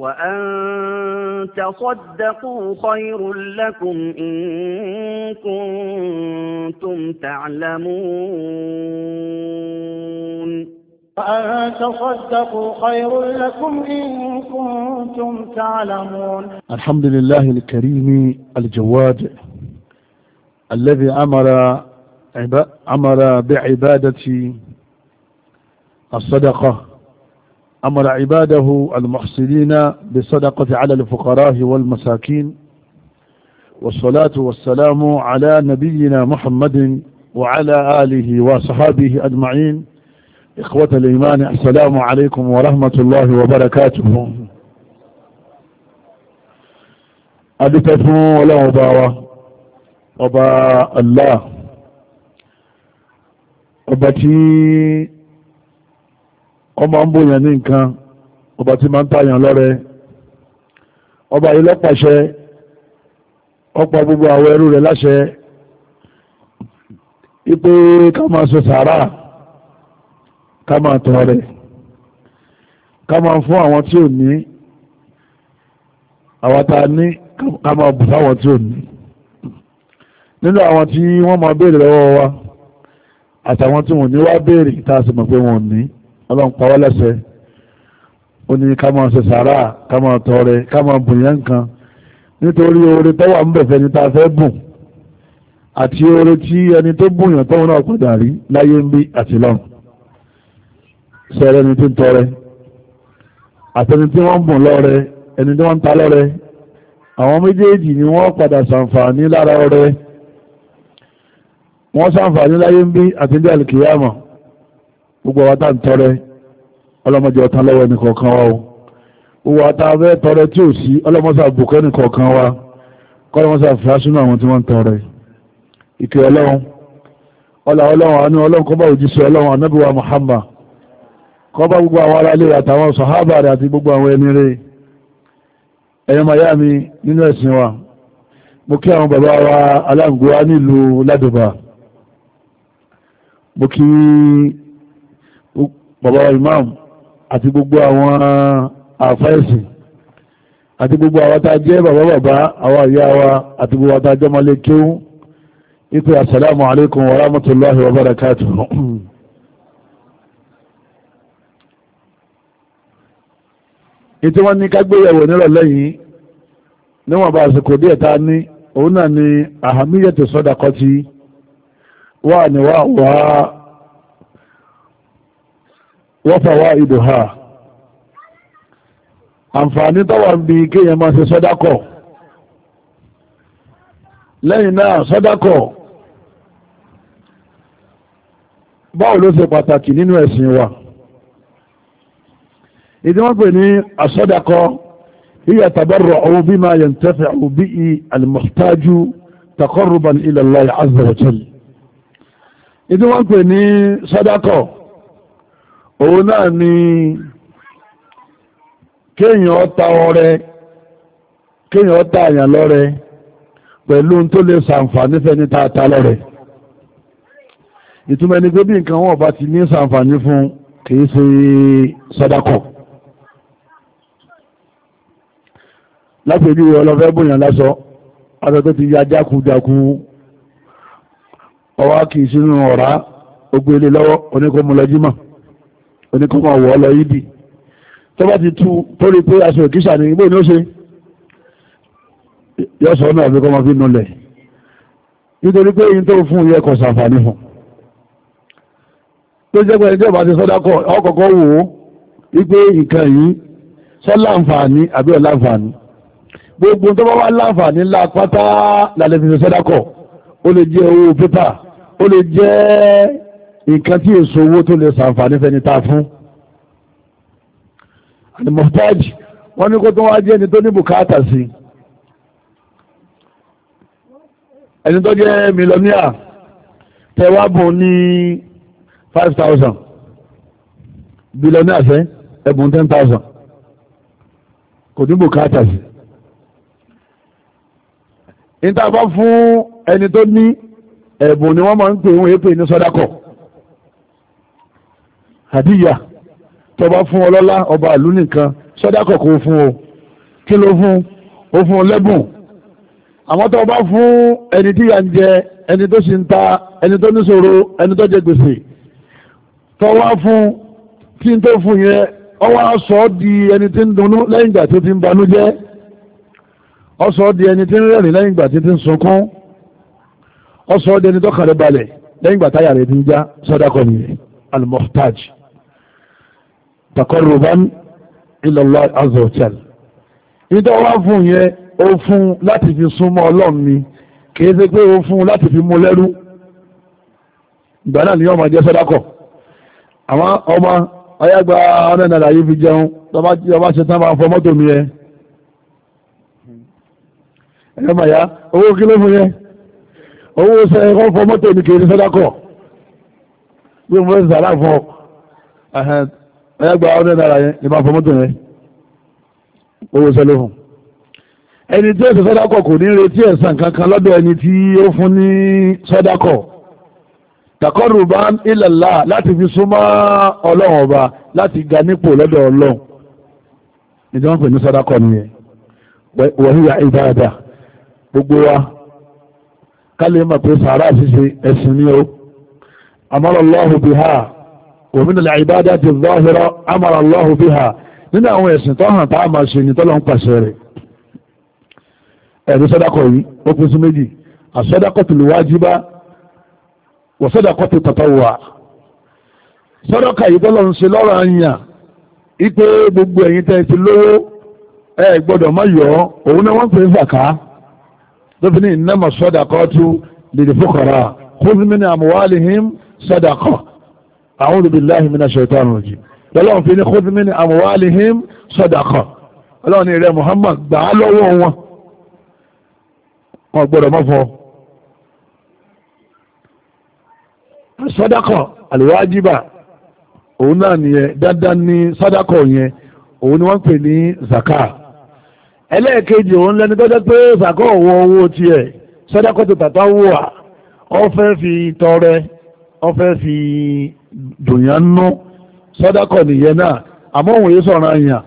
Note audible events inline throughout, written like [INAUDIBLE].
وأن تصدقوا خير لكم إن كنتم تعلمون وأن تصدقوا خير لكم إن كنتم تعلمون الحمد لله الكريم الجواد الذي أمر أمر بعبادة الصدقة أمر عباده المحسنين بالصدقة على الفقراء والمساكين والصلاة والسلام على نبينا محمد وعلى آله وصحابه أجمعين إخوة الإيمان السلام عليكم ورحمة الله وبركاته أدتفوا ولا أباوة أبا الله أبتي ọmọ ń bóyàn ní nǹkan ọba tí máa ń tàyàn lọ́rẹ ọba yìí lọ́pàṣẹ ọpa gbogbo àwọn ẹrú rẹ̀ láṣẹ ipe ká máa ṣe sàárà ká máa tọrẹ ká máa fún àwọn tí ò ní àwọn tá a ní ká máa bù fáwọn tí ò ní nínú àwọn tí wọ́n máa béèrè lọ́wọ́ wa àtàwọn tí wọ́n ní wá béèrè tá a sì mọ̀ pé wọ́n ní ọlọ́run pa wá lẹ́sẹ̀ ó ní ká máa ṣe sàárà ká máa tọrẹ ká máa bùn yẹn nǹkan nítorí oore tó wà ń bẹ̀fẹ̀ ní ta fẹ́ bùn àti oore tí ẹni tó bùn yàn tóun náà padà rí láyé ń bí àti lọ́run sẹ́rẹ́ ni tí ń tọrẹ àtẹni tí wọ́n ń bùn lọ́rẹ ẹni tí wọ́n ń ta lọ́rẹ àwọn méjèèjì ni wọ́n padà ṣàǹfààní lára ọrẹ wọ́n ṣàǹfààní láyé ń bí àti ní àlùkìyàmọ̀ gbogbo àwọn táà ń tọrẹ ọlọ́mọdé ọ̀tán lọ́wọ́ ẹnì kọ̀ọ̀kan wa o gbogbo àwọn táà fẹ́ tọrẹ tí ò sí ọlọ́mọsà bùkọ́ ẹnì kọ̀ọ̀kan wa kọ́lọ́mọsà fìlásùnú àwọn tí wọ́n ń tọrẹ ìkẹ́ ọlọ́run ọlá ọlọ́run àánú ọlọ́run kọ́bá òjíṣẹ́ ọlọ́run anábíwá Muhammad kọ́bá gbogbo àwọn aráalé àtàwọn sàhábà rẹ̀ àti gbogbo àwọn ẹni rẹ̀ ẹ̀yọ́ miami nínú ẹ̀sìn wa mo kí àwọn bàbá wa aláǹgbó wa nílùú ládùbà mo kí bàbá imam àti gbogbo àwọn àfẹ́ẹ̀sì àti gbogbo àwọn tá a jẹ́ bàbá bàbá àwọn ìyá wa àti gbogbo àwọn tá a jẹ́ ọmọlé kéwú ipe assalamu alaikum wa rahmatullahi wa barakatuh ìtí wọ́n ní kágbéyàwó nírọ̀lẹ́ yìí níwọ̀n bá àsìkò díẹ̀ ta ní òun náà ni àhàmíyẹ̀ tó sọ́dakọ́ ti wà wàá وفوائدها àǹfààní tọ́wà bí kéèyàn máa ṣe sọ́dákọ̀ lẹ́yìn náà sọ́dákọ̀ báwo ló ṣe pàtàkì nínú ẹ̀sìn wa ìdí wọ́n pè ní àsọ́dákọ̀ hiya tabarru'u bima yantafi'u bihi al-muhtaju taqarruban ila Allah azza wa jalla ìdí wọ́n pè ní sọ́dákọ̀ òun náà ni kéèyàn ta ọrẹ kéèyàn ọta àyàn lọ́rẹ pẹ̀lú tó lè sàǹfààní fẹ́ni tá a ta lọ́rẹ ìtumọ̀ ẹni pé bí nǹkan wọn bá ti ní sàǹfààní fún kìí ṣe lásọ ti yá jákújákú ọwá kìí sínú ọ̀rá ogbélé lọ́wọ́ oníkọ́mọ̀ wọ̀ lọ yídì tó bá ti tú torí pé aṣọ òkísà ní ibò ní ó ṣe yọ sọ náà bí kọ́mọ fi nulẹ̀ nítorí pé yín tó fún yẹ kọ̀ sàǹfààní fún tó jẹ́ pé ẹni tí ọba ti sọ́dá kọ ọkọ̀ọ̀kọ̀ wò ó wípé nǹkan yìí sọ láǹfààní àbí ọ̀láǹfààní gbogbo tó bá wá láǹfààní ńlá pátá lálẹ́ fi sọ́dá kọ̀ ó lè jẹ́ owó pépà ó lè jẹ́ nǹkan tí èso owó tó lè sàǹfààní fẹni ta fún alimọ̀tájì wọ́n ní kó tó wá jẹ́ ẹni tó ní bùkátà sí ẹni tó jẹ́ mílíọ̀nìyà tẹwàá ní five thousand bílíọ̀nìyà sẹ́ ẹ̀bùn ten thousand kò ní bùkátà sí níta bá fún ẹni tó ní ẹ̀bùn ni wọ́n máa ń pè wọ́n èpè ní sọ́dákọ̀ọ́ hadiya tó bá fún ọlọ́lá ọba ìlú nìkan sọ́dákọ̀ kò fún o kí ló fún o fún o lẹ́bùn àmọ́ tó bá fún ẹni tí yà ń jẹ ẹni tó sì ń ta ẹni tó níṣòro ẹni tó jẹ gbèsè tó wá fún kí n tó fún yẹn ọ wá sọ ọ́ di ẹni tí ń dunnú lẹ́yìn ìgbà tó ti ń banújẹ́ ọ sọ ọ́ di ẹni tí ń rẹ́rìn lẹ́yìn ìgbà tí ti ń sunkún ọ sọ ọ́ di ẹni tó kàrẹ́ balẹ̀ lẹ́yìn ìgbà táyà rẹ̀ ti ń já sọ́dákọ̀ nìyẹn al taqarruban ila Allah azza wa jalla nítorí wá fún yẹn ó fún láti fi súnmọ́ ọlọ́run ni kìí ṣe pé ó fún láti fi mú lẹ́rú ìgbà náà ni ọmọ jẹ́ sọ́dákọ̀ àwọn ọmọ ayágba ọ̀nà ìnàdà yìí fi jẹun tọba ṣe tán máa fọ mọ́tò mi yẹn ẹ̀yọ́ màá yá owó kí ló fún yẹn owó ṣe ẹ̀kọ́ fọ mọ́tò mi kìí ṣe ẹ ọdún náírà yẹn ní máa fọmọ́tò yẹn owó sẹ́lẹ̀ fún ẹni tí ó ṣe kò ní retí kankan ẹni tí ó fún ní bá láti fi súnmọ́ ọlọ́run ọba láti ga nípò lọ́dọ̀ ọlọ́run nígbà wọn pè ní nìyẹn ìdáradà gbogbo wa ni ومن العبادات الظاهرة أمر الله بها nínú àwọn ẹ̀sìn tó hàn táà máa ṣe ni tọ́lọ́ ń pàṣẹ rẹ̀ ẹ̀rí sọ́dákọ̀ yìí ó pín sí méjì ipe gbogbo ẹ̀yin tẹ́ ti lówó ẹ gbọ́dọ̀ má yọ òun náà wọ́n ní ìnáma lè a'udhu billahi minash shaitanir rajim lọ́lọ́run fi ní khudh min amwalihim sadaqa ọlọ́run ní rẹ̀ Muhammad gbà á lọ́wọ́ wọn wọn gbọ́dọ̀ mọ́fọ́ sadaqa alwajiba òun náà nìyẹn dandan ní sadaqa yẹn òun ni wọ́n pè ní zaka ẹlẹ́ẹ̀kejì òun lẹ́ni tọ́jọ́ pé zaka ọ̀wọ́ owó tiẹ̀ sadaqa tó tàtà wùwà ó fẹ́ fi tọrẹ ó fẹ́ fi dùnyàn nú sọ́dákọ̀ nìyẹn náà àmọ́ òun yìí sọ̀rọ̀ àyàn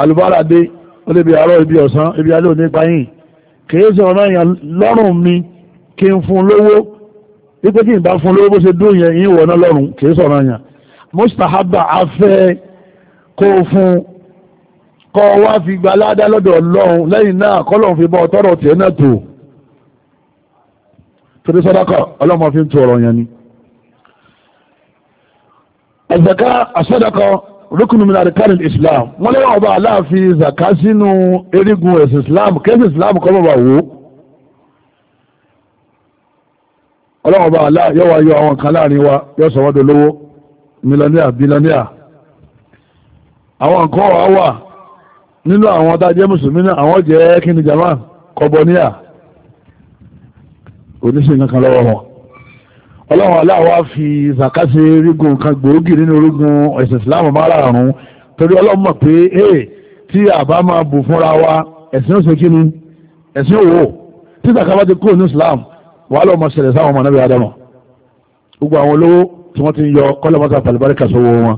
alùbárà dé ó lè bi àárọ̀ ibi ọ̀sán ibi alẹ́ òní pa yìí kìí sọ̀rọ̀ àyàn lọ́rùn mi kí n fún lówó wípé kí n bá fún lówó bó ṣe dùn yẹn yín wọ̀ náà lọ́rùn kìí sọ̀rọ̀ àyàn mustahaba afẹ́ kó fún kọ́ wá fi gba ládá lọ́dọ̀ ọlọ́run lẹ́yìn náà kọ́lọ́run fi bọ́ ọtọ́rọ̀ tiẹ̀ náà tó torí sọ́dákọ̀ ọlọ́mọ fi ń tu ọ̀rọ̀ yẹn ni àzàká àsọdọkọ rúkùnù mi láti kárìn islam wọn lọ́wọ́ ọba aláàfin zaka sínú erigun ẹ̀sìn islam kẹ́sì islam kọ́ bàbá wò ó ọlọ́wọ́ ọba alá yọ wá yọ àwọn kan láàrin wa yọ sọ wọ́n dolówó mílíọ̀nìà bílíọ̀nìà àwọn nǹkan wà wà nínú àwọn tá a jẹ́ mùsùlùmí náà àwọn jẹ́ kí jama kọ̀bọ̀níà oníṣẹ́ kan lọ́wọ́ wọn ọlọ́run aláwa fi zakase rígun kan gbòógì nínú orígun ẹ̀sìn ìsìláàmù márààrún torí ọlọ́run mọ̀ pé ee tí àbá máa bù fúnra wa ẹ̀sìn ó kí ni ẹ̀sìn òwò tí zaka bá ti kúrò ní ìsìláàmù wàá lọ́ọ́ máa ṣẹlẹ̀ sáwọn ọmọ náà bí adama gbogbo àwọn olówó tí wọ́n ti ń yọ kọ́lọ́mọ́sà pàlùbáríkà sówó wọn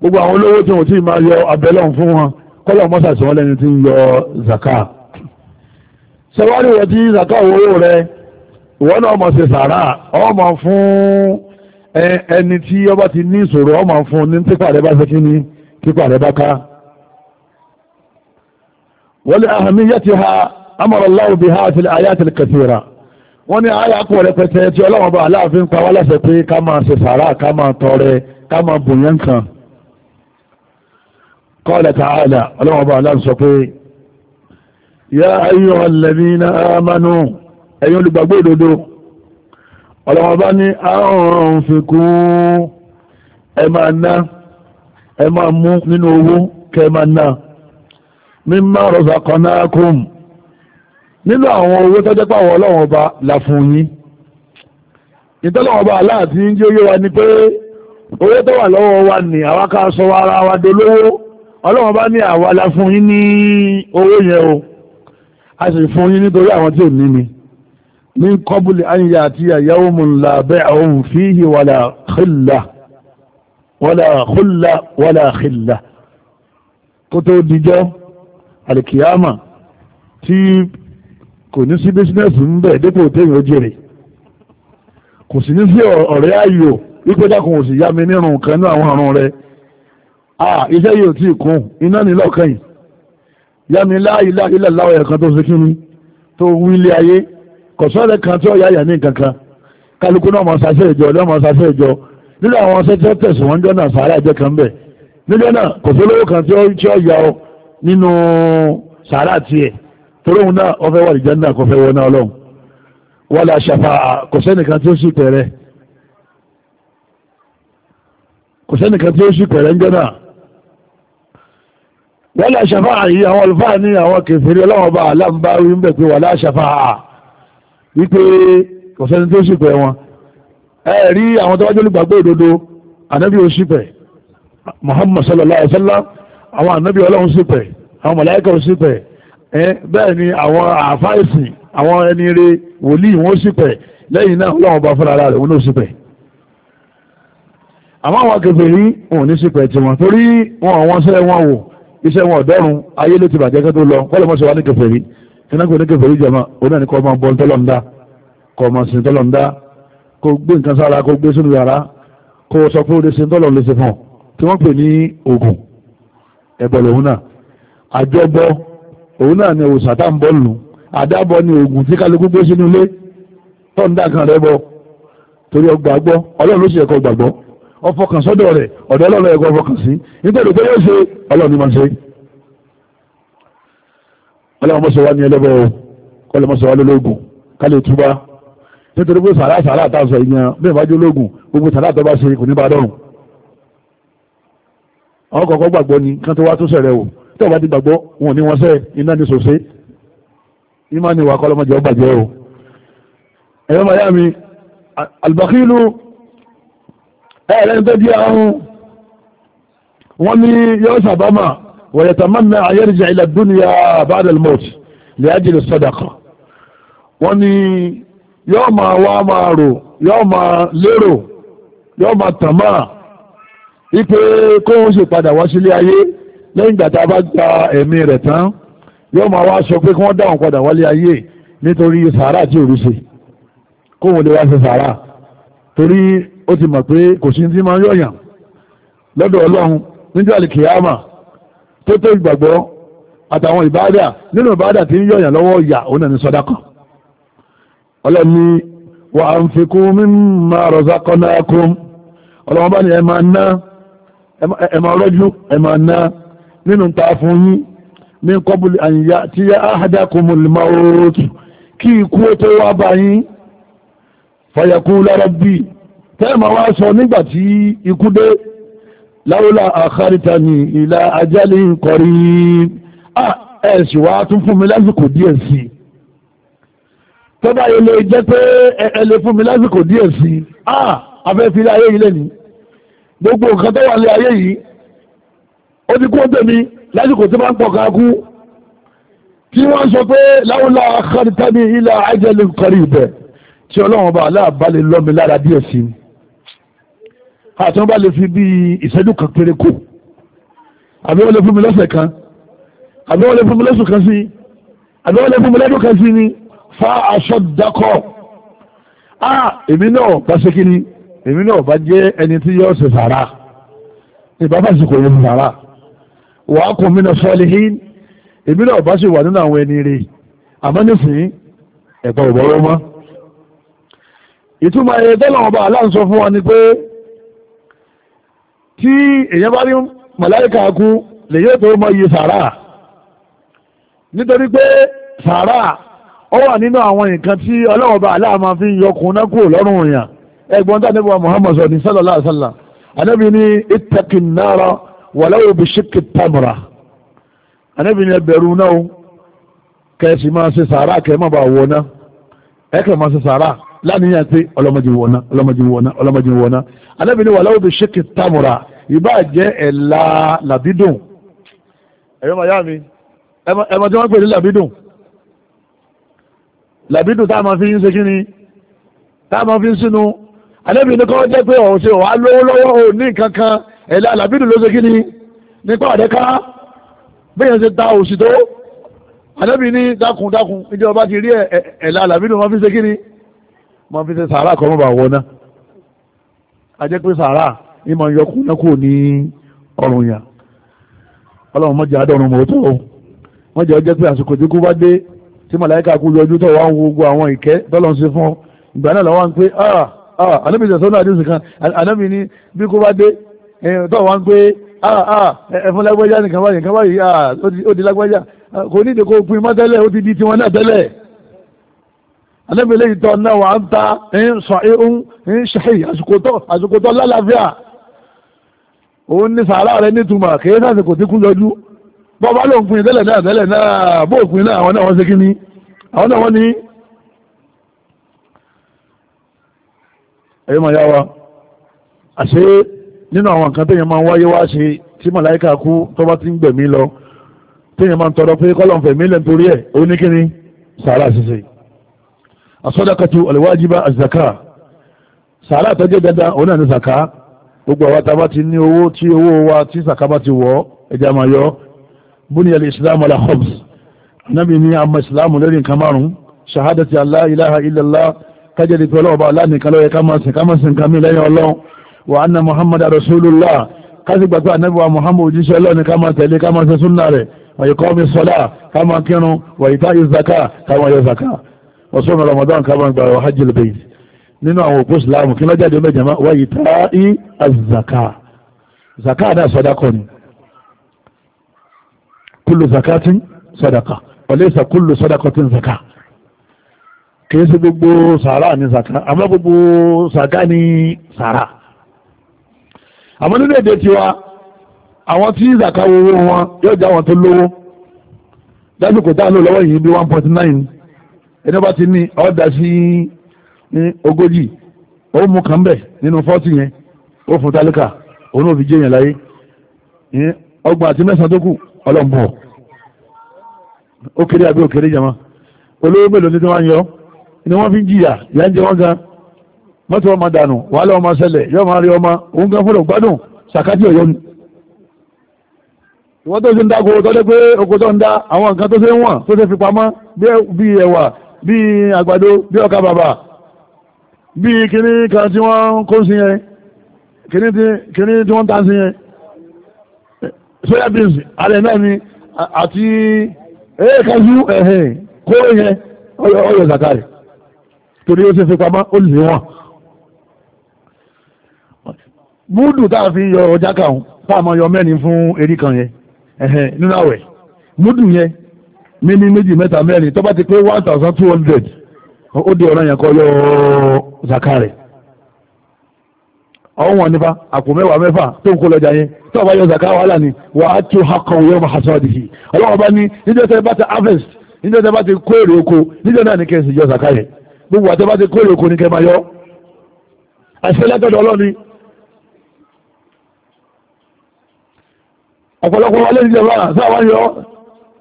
gbogbo àwọn olówó tí wọ́n ti máa yọ abẹ́lọ́n fún wọn kọ́lọ́mọ́sà sọ́wọ́lẹ́ni ti ń yọ zaka sẹ́wárí wọ́n ti zaka owó rẹ̀ ìwọ náà ọmọ ṣe sàrà ọmọ fún ẹni tí ọba ti ní ìṣòro ọmọ fún ní típa rẹ bá ṣe kí ni típa rẹ bá ká wọlé ahamiyatiha amara Allahu biha fil ayatil kathira wọ́n ní àyà kó rẹpẹtẹ tí ọlọ́wọ́n bá aláàfin pa wá láṣẹ pé ká máa ṣe sàrà ká máa tọrẹ ká máa bùnyẹn kan qala ta'ala ọlọ́wọ́n bá aláàfin sọ pé ya ayyuhal ladhina ẹ̀yin olùgbàgbọ́ òdodo ọlọ́wọ́n bá ní àrùn fìkún ẹ máa ná ẹ máa mú nínú owó kẹ máa ná mímọ́ rọ̀sàkọ́nákùn nínú àwọn owó tọ́jẹ́ pàwọ́ ọlọ́wọ́n bá là fún yín ìtọ́lọ́wọ́n bá aláàtí ń jẹ́ yóò wá ní pé owó tó wà lọ́wọ́ wa ní àwa sọ ara wa dolówó ọlọ́wọ́n ní àwa la fún ní owó yẹn o a sì fún yín nítorí àwọn tí ò ní ni min kọbùlì an yà tí a yàwó mun labẹ́ àwọn fíhì wàlà khilla wàlà khilla kó tó dijọ́ alkiyama tí kò ní sí bísínẹ́sì ń bẹ̀ dípò téèyàn jèrè kò sì ní sí ọ̀rẹ́ ayò wípé dákun òsì yá mi nírun kan ní àwọn àrùn rẹ̀ ah iṣẹ́ yóò tí kún iná nílọ́kàn yìí yá mi la ilaha illallah ẹ̀kan tó ṣe kí ni tó wí ilé ayé kọ̀sọ́rẹ́ kan tí ó yáyà ní kankan kálukú náà máa ṣàṣẹ ìjọ lọ́ọ́ máa ṣàṣẹ ìjọ nínú àwọn ọ̀sẹ̀ tí ó tẹ̀sùn wọn jọ́nà sàárà ìjọ kan bẹ̀ níjọ́ náà kò sólówó kan tí ó yà ọ nínú sàárà tiẹ̀ toróhun náà ọfẹ́ wà ìjọ náà kọfẹ́ wọ náà ọlọ́run wà láà ṣàfà kò sẹ́nìkan tí ó sì pẹ̀rẹ́ kò náà wà láà ṣàfà àyí àwọn àlùfáà ní àwọn kèfèrí ọlọ́wọ́ bá aláǹbáwí ń bẹ̀ pé wà láà ṣàfà wípé kọ̀sẹ́ni tó sì pẹ̀ wọn ẹ rí àwọn tó wájú olùgbàgbọ́ òdodo ànábì ó sì pẹ̀ Muhammad sallallahu alaihi wa sallam àwọn ànábì ọlọ́run sì pẹ̀ àwọn màláíkà ó sì pẹ̀ bẹ́ẹ̀ ni àwọn àfáìsì àwọn ẹni rẹ wòlíì wọn ó sì pẹ̀ lẹ́yìn náà ọlọ́run bá fúnra rẹ̀ wọn ó sì pẹ̀ àmọ́ àwọn kèfèrí wọn ò ní sí pẹ̀tì wọn torí wọn àwọn iṣẹ́ wọn wò iṣẹ́ wọn ọ̀dọ́run ayé ló ti bàjẹ́ kẹ́ tó lọ kọ́lọ́mọ́sọ wa ní kèfèrí ìnáwó ní kẹfẹ́ ìjọba oní ẹni kọ́ ọmọ bọ́ tọ́lọ́ndá kọ́ ọmọ sin tọ́lọ́ndá kó gbé nǹkan sára kó gbé sínú yàrá kó sọ pé ó lè sin tọ́lọ́ lè sin fún tí wọ́n pè ní oògùn ẹ̀bọ̀ lòun náà àjọbọ òun náà ni òòsà tá ń bọ́ nù àdábọ̀ ni oògùn tí kálukú gbé sínú ilé tọ́ndá kan rẹ bọ́ torí ọgbà gbọ́ ọlọ́run ló sì ẹ̀kọ́ gbàgbọ́ ọfọkàn sọ́dọ̀ rẹ̀ ọlọ́run ẹ̀kọ́ ọfọkàn nítorí pé yóò ṣe ọlọ́run ni máa ṣe ọlọ́mọ sọ wá ní ẹlẹ́bọ̀ o ọlọ́mọ sọ wá lólógùn ká lè túbá nítorí pé sàrà sàrà tá a sọ ìyẹn bí ìbájú ológun gbogbo sàrà tó bá ṣe kò ní bá dọ̀rùn àwọn kọ̀ọ̀kan gbàgbọ́ ni kí wọ́n tó wá tó sẹ̀rẹ̀ o tó bá ti gbàgbọ́ wọn ò ní wọn sẹ́ iná ní sòsé ìmá ni wà kọ́lọ́mọdé ọgbà jẹ́ o ẹ̀yọ́ màyá mi albakilu ẹ̀ẹ́dẹ́gbẹ́bí ahun wọ́n ní yọ́ sàbámà ويتمنى أن يرجع إلى الدنيا بعد الموت لأجل الصدقة وني ní yóò máa wá máa rò yóò máa lérò yóò máa tàmá ipe kóhun ṣe padà wá sílé ayé lẹ́yìn ìgbà tá a bá gba ẹ̀mí rẹ̀ tán yóò máa wá sọ pé kí wọ́n dáhùn padà wálé ayé nítorí sàárà tí ò rí ṣe kóhun lè wá ṣe sàárà torí ó ti mọ̀ pé kò sí ní ti máa yọ̀yàn lọ́dọ̀ ọlọ́run níjọ́ àlìkìyàmà tó tó ìgbàgbọ́ àtàwọn ìbáàdà nínú ìbáàdà tí ń yọ̀yàn lọ́wọ́ ìyà òun náà ní sọ́dákọ̀ ọlọ́ni wa anfiqu mimma razaqnakum ọlọ́wọ́n bá ní ẹ máa ná ẹ máa rọ́jú ẹ máa ná nínú ta fún yín ní qabli an ya'tiya ahadakumul mawt kí ikú tó wá bá yín fayaqula rabbi tẹ́ẹ̀mà wá sọ nígbà tí ikú dé láwọ́lá àkárítà ní ìlà ajálẹ̀ ìkọrí ẹ̀ẹ̀sì wá tún fún mi lásìkò díẹ̀ sí i tó bá yẹ lè jẹ́ pé ẹ̀ẹ̀lẹ̀ fún mi lásìkò díẹ̀ sí i afẹ́fílẹ̀ ayé yìí lẹ́ni gbogbo nǹkan tó wà lé ayé yìí ó ti kú ó tèmi lásìkò tí máa ń pọ̀ káàkú tí wọ́n sọ pé láwọ́lá àkárítà ní ìlà ajálẹ̀ ìkọrí ibẹ̀ tí ọlọ́run bá aláàbálẹ̀ lọ́mi lára díẹ̀ sí i àti wọn bá lè fi bí ìṣẹ́jú kan péré kù àbí wọn lè fún mi lọ́sẹ̀ kan àbí wọn lè fún mi lọ́sùn kan sí àbí wọn lè fún mi lọ́dún kan sí ni fa aṣọ dakọ̀ a èmi náà bá ṣe kíni èmi náà bá jẹ́ ẹni tí yóò ṣe sàrà ìbá fàṣìkò yẹn ṣe sàrà wàá kò mí náà sọ́ọ́lì hín èmi náà bá ṣe wà nínú àwọn ẹni rè àmọ́ nísìnyí ẹ̀pọ̀ ìbọ̀wọ́ mọ́ ìtumọ̀ ẹ̀yẹ tọ́lọ̀ ọba aláǹsọ fún wa ni pé tí èyàn bá rí màláìkà kú lèyí tó mọ iye sàárà nítorí pé sàárà ó wà nínú àwọn nǹkan tí ọlọ́wọ́ bá aláà máa fi yọkùn náà kúrò lọ́rùn èèyàn ẹgbọ́n tá níbo Muhammad sọ ní sallallahu alaihi wasallam anábì ní ittaqin nara walau bi shiqqi tamra anábì ní ẹbẹ̀rù náà kẹsì máa ṣe sàárà kẹ má bàa wọ náà ẹ kẹ máa ṣe sàárà láníyàn pé ọlọ́mọdé wọ̀ná ọlọ́mọdé wọ̀ná ọlọ́mọdé wọ̀ná alábìnrin wà láwùjọ ṣéèkì tamura ìbá jẹ́ ẹ̀la làbídùn ẹ̀yọ́ màyá mi ẹ̀mọ tí wọ́n pè ní làbídùn làbídùn táà máa fi ń ṣe kí ni táà máa fi ń sínú alábìnrin kọ́ jẹ́ pé ọ̀hún ṣe wà á lówó lọ́wọ́ ò ní nǹkan kan ẹ̀la làbídùn ló ṣe kí ni nípa àdẹ́ká bẹ́yẹn ṣe ta òṣì tó alábìnrin dákun dákun ìjọba ti rí ẹ̀la làbídùn wọn fi ṣe kí ni máa fi ṣe sàárà kọ́ mọ́ bá wọ náà a jẹ́ pé sàárà ní máa yọkùn náà kò ní ọrùn yàn ọlọ́run mọ́jà àdọ́run mọ́tò mọ́jà jẹ́ pé àsìkò tí kú bá dé tí màláìka kú yọjú tó wà wo àwọn ìkẹ́ tọ́lọ́run ṣe fún ìgbà náà lọ́wọ́ pé ah ah anábì ìṣẹ̀sọ́ náà àdéhùn kan anábì ní bí kú bá dé tó wà pé ah ah ẹ̀fún lágbájá nìkan báyìí nìkan báyìí ah ó di lágbájá ah, kò ní ìdè kó pin mọ́ ó ti di tiwọn náà tẹ́lẹ̀ anábìlẹ̀ ìtọ́ náà wà ń ta ń sọ ń ṣe àsìkò tó lálàáfíà òun ní sàárà rẹ nítumọ̀ kìí sàsìkò tí kú yọjú bọ́ bá lóun pin tẹ́lẹ̀ náà tẹ́lẹ̀ náà bó òpin náà àwọn náà wọ́n ṣe kí ni àwọn náà wọ́n ní. ẹ̀yọ́ máa yá wa àṣé nínú àwọn nǹkan téèyàn máa ń wáyé wá ṣe tí màláìka kú tó bá ti ń gbẹ̀mí lọ téèyàn máa ń tọrọ pé kọ́lọ̀ ń fẹ̀mí lẹ́ńtorí ẹ̀ òun ní kí ni sàárà ṣiṣẹ́ yìí asọ́dákàtú alwajiba azaka sàárà tọ́jú dandan òun náà ní zaka gbogbo àwọn tàbá ti ní owó tí owó wa tí zaka bá ti wọ̀ ẹja máa yọ buni al-islam ala khams nabi ni àmà ìsìlámù lórí nǹkan márùn-ún shahadati allah ilaha illallah kájẹ̀lì pẹ̀lú ọba aláàníkan lọ́yẹ kámasìn kámasìn kàmí lẹ́yìn ọlọ́run wa anna muhammad rasulullah kásì gbàgbé ànábì wa muhammad òjíṣẹ́ ọlọ́run ká tẹ̀lé ká máa ṣe rẹ̀ wa yuqami salat ká máa kírun wa ita'i zakat ká máa yọ zakat ọ̀sán Ramadan kábọn gbà wà hajj lẹ́yìn nínú àwọn òpó Islam kí lọ́jà dé mẹ́jọ máa wáyé tá í azaka zaka náà sọdakọ ni kullu zakatin sọdaka ọ̀lẹ́sà kullu sọdakatin zaka kìí sí gbogbo sàárà ní zaka àmọ́ gbogbo zaka ní sàárà àmọ́ nínú èdè àwọn tí zaka wo wọn yóò já wọn tó lówó dájú kò dáa lò lọ́wọ́ yìí bí one point nine ẹni bá ti ní ọ̀dà sí ogójì ó mú kan bẹ̀ nínú fọ́tì yẹn ó fún tálíkà òun ò fi jẹ́ yẹn láyé ọgbọ̀n àti mẹ́sàn-án tó kù ọlọ́mbọ̀ ó kéré àbí ó kéré jama olówó mélòó ní tí wọ́n yọ ni wọ́n fi ń jìyà ìyá ń jẹ wọ́n gan mọ́tò ọmọ dànù wàhálà ọmọ ṣẹlẹ̀ yọ máa rí ọmọ òun gan fọlọ̀ gbádùn sàkátì ọ̀yọ́ ni ìwọ́n tó ṣe ń dáko tọ́lé pé oko ń dá àwọn nǹkan tó ṣe ń wọ̀n tó ṣe fi pamọ́ bí ẹwà bí àgbàdo bí ọkà bàbà bí kíní kan tí wọ́n kó sí yẹn kíní tí wọ́n ta sí yẹn soya beans alẹ́ náà ni àti ẹ̀ẹ́ eh, kájú ẹ̀hẹ̀ kó yẹn ọyọ̀ zakari torí ó ṣe fi pamọ́ ó lè wọ́n múdù tá a fi yọ ọjà kàún tá yọ mẹ́rin fún erí kan yẹn nínú àwẹ̀ múdù yẹn mímí méjì mẹ́ta mẹ́rin tó bá ti pé one thousand two hundred ó di ọ̀rọ̀ yẹn kọ́ yọ zakari àwọn wọn nípa àpò mẹ́wàá mẹ́fà tó ń kó lọ́jà yẹn tó ọba yọ zakari wàhálà ni wà á tún hakọ̀ yọ ọmọ hasadi yìí ọlọ́wọ́ bá ní níjọ́ tẹ́ bá ti harvest níjọ́ tẹ́ bá ti kó èrè oko níjọ́ náà ní kẹ́sì yọ zakari gbogbo àti bá ti kó èrè oko ní kẹ́ máa yọ àṣẹ látọ̀dọ̀ ọlọ́ni ọ̀pọ̀lọpọ̀ wọlé ìjọba sáwọn yọ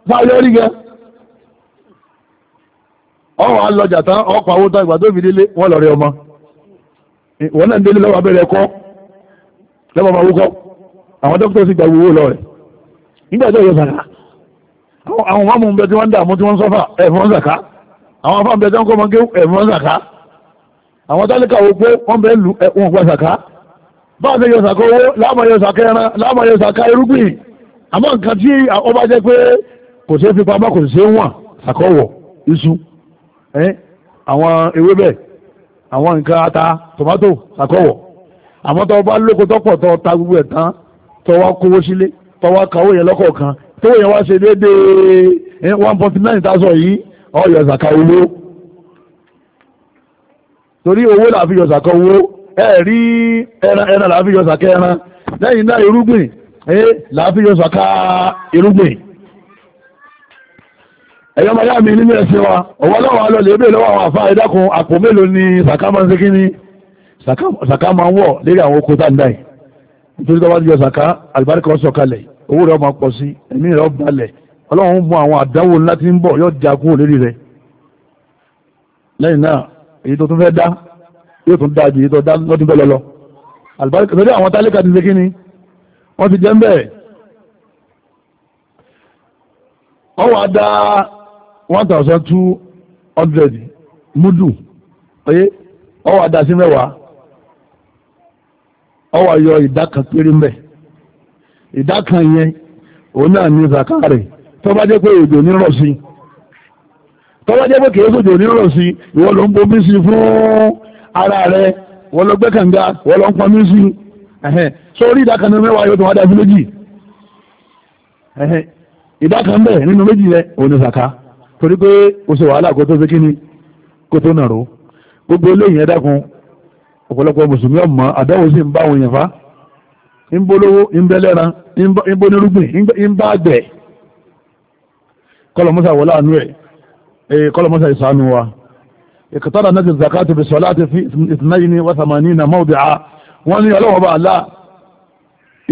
sáwọn yọ rí gẹ́ ọwọ́ alọ́jà tán ọkọ̀ awó tán ìgbà tó fi délé wọ́n lọ́rẹ́ ọmọ wọ́n náà délé lọ́wọ́ abẹ́rẹ́ ẹ̀kọ́ lọ́wọ́ ọmọ awúkọ́ àwọn dókítà sì gba owó lọ rẹ̀ nígbà tó yọ sàkà àwọn ọmọ mú bẹ tí wọ́n ń dààmú tí wọ́n ń sọ́fà ẹ̀fọ́n sàkà àwọn afọ́n bẹ tí wọ́n kọ́ mọ́ ẹ̀fọ́n sàkà àwọn tálíkà òpó wọ́n bẹ lù ẹ̀wọ̀n gba sàkà báà ṣe yọ sàkà owó láàmà yọ sàkà ẹran láàmà yọ sàkà irúgbìn àmọ́ nǹkan tí ọba jẹ́ pé kò ṣeé fi pamọ́ kò ṣeé wọ̀n sàkà ọ̀wọ̀ iṣu àwọn ewébẹ̀ àwọn nǹkan ata tomato àkọwọ̀ àmọ́ tó bá lóko tọ́pọ̀ tó ta gbogbo ẹ̀ tán tó wá kówó sílé tó wá kàwó yẹn lọ́kọ̀ọ̀kan tó yẹn wá ṣe déédéé one point nine thousand yìí ó yọ zaka owó torí owó la fi yọ zaka owó ẹ rí ẹran ẹran la fi yọ zaka ẹran lẹ́yìn náà irúgbìn la fi yọ zaka irúgbìn ẹ̀yọ́ máa mi nínú ẹ̀sìn wa ọwọ́ lọ́wọ́ lọ lè bè lọ́wọ́ àwọn àfáà ẹ̀dákun àpò mélòó ni sàkámà ń sékí ní sàkámà wọ̀ lérí àwọn oko tàǹdà yìí nítorí tó bá ti yọ sàká àlùbáríkà ọ̀sọ̀ kalẹ̀ owó rẹ̀ máa pọ̀ sí ẹ̀mí rẹ̀ balẹ̀ ọlọ́run mú wọ́n ti dáa one thousand two hundred oye mẹ́wàá ọwà yọ ìdákan péré mẹ́ yẹn òun náà ní rẹ̀ tó bá jẹ́ pé òjò ní sí tó bá jẹ́ pé kìí ní sí ìwọ ló ń sí fún ara rẹ wọ́n lọ wọ́n lọ ń pọnmi sí sórí mẹ́wàá yóò tó wá torí pé o ṣe wàhálà kó tó ṣe kíni kó tó nàró gbogbo eléyìí ẹ dákun ọ̀pọ̀lọpọ̀ mùsùlùmí ọ̀mọ́ àdáwò sì ń bá àwọn èèyàn fa ń bólówó ń bẹ́lẹ́ran ń bó nírúgbìn ń bá àgbẹ̀ kọlọmọsà wọlé àánú ẹ̀ kọlọmọsà ìsànú wa ìkàtàdà náà ti zakatu bí sọlá ti fi ìtìnáyìí ní wàtàmání na mọ́ọ̀dì a wọ́n ní ọlọ́wọ́ bá àlá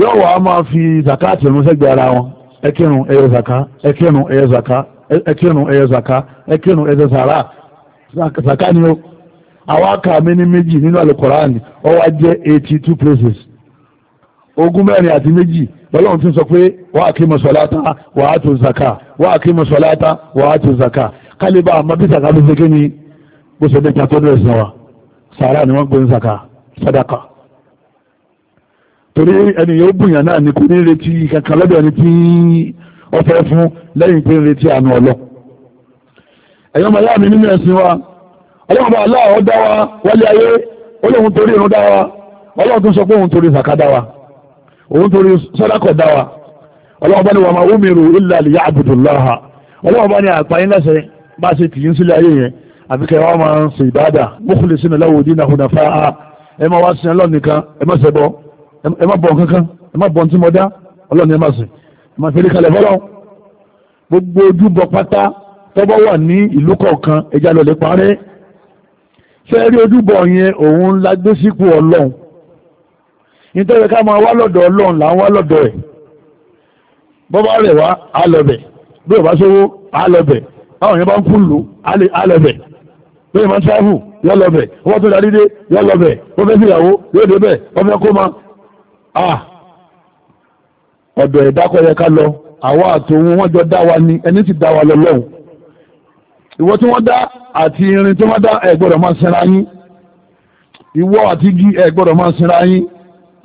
yóò wà á máa fi zakatu ìrúnṣẹ́gbẹ̀ ara wọn ẹkẹrùn ẹyọ zaka ẹkẹrùn ẹyọ zaka ẹkírun ẹyẹ zaka ẹkírun ẹyẹ sàrà zaka ni ó àwọn akàmì ní méjì nínú alukoraani ọwọ́ jẹ́ eighty two places ogún mẹ́rin àti méjì lọ́lọ́run ti sọ pé wà á kí mọ̀ wà á tó zaka wà á kí mọ̀ wà á tó zaka kálíbà àmọ́ bí zaka ló ṣe kí ni bó ṣe dẹ́ka tó dẹ̀ sàn wa sàrà ni wọ́n gbé zaka sadaka torí ẹni yóò bùnyàn náà ni kò ní retí kankan lọ́dọ̀ ẹni tí ọ̀fẹ́ fún lẹ́yìn pé retí àánú ọlọ́ ẹ̀yọ́ màá yá nínú ẹ̀sìn wa ọlọ́run bá aláàwọ̀ dá wa wálé ayé olóhun torí irun dá wa ọlọ́run tó sọ pé òun torí zaka dá wa òun torí sọ́dákọ̀ dá wa ọlọ́run bá ní wàmà umiru illa liya'budullaha ọlọ́run bá ní àpáyín lẹ́sẹ̀ bá ṣe kì í sílẹ̀ ayé yẹn àbíkẹ́ wa máa ń ṣe ìbáàdà mukhlisina lahu dinahu hunafa'a ẹ máa wá sí ọlọ́run nìkan ẹ má ṣẹbọ ẹ má bọ kankan ẹ má bọ ntí mọ dá ọlọ́run ẹ má sìn máa fẹ́rí kalẹ̀ fọ́lọ́ gbogbo ojúbọ pátá tọ́bọ̀ wà ní ìlú kọ̀ọ̀kan ẹja lọ́lẹ̀ parẹ́ fẹ́rí ojúbọ yẹn òun la gbé sípò ọlọ́run nítorí ká máa wá lọ́dọ̀ ọlọ́run là ń wá lọ́dọ̀ ẹ̀ bọ́bá rẹ̀ wá á lọ́bẹ̀ bí ò bá sówó á lọ́bẹ̀ báwọn yẹn bá ń kúlù á lọ́bẹ̀ bí ò máa ń travel yọ lọ́bẹ̀ owó tó darí dé yọ lọ́bẹ̀ ó fẹ́ fìyàwó yóò débẹ̀ ó fẹ́ kó máa ah! ọ̀dọ̀ ẹ̀dá kọ́ yẹ ká lọ àwa àtòun wọ́n jọ dá wa ni ẹni tí dá wa lọ lọ́hùn ìwọ tí wọ́n dá àti irin tí wọ́n dá ẹ gbọ́dọ̀ máa sinra yín ìwọ àti igi ẹ gbọ́dọ̀ máa sinra yín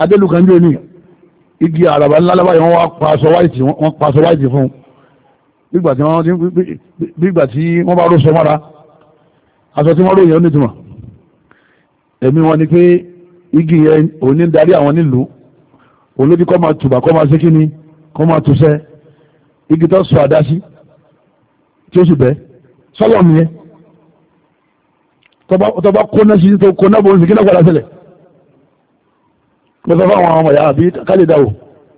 adélùkànjọ́ ni igi àràbà ńlá lábàáyé wọ́n wá pa wáìtì wọ́n pa wáìtì fún un bígbà tí wọ́n bígbà tí wọ́n bá ró sọ mọ́ra aṣọ tí wọ́n ró ó nítumọ̀ ẹ̀mí wọn ni pé igi yẹn òní darí àwọn nílùú olódì kọ́ máa tùbà kọ́ máa ṣe ni kọ́ máa tùṣẹ́ igi tó sọ àdá sí tí ó sì bẹ́ sọ́lọ̀ nìyẹn tọba kóná sí tó kóná bó ń sì kí náà padà sílẹ̀ lọ́sọ̀ fáwọn ọmọ ìyá àbí kálí ìdáwò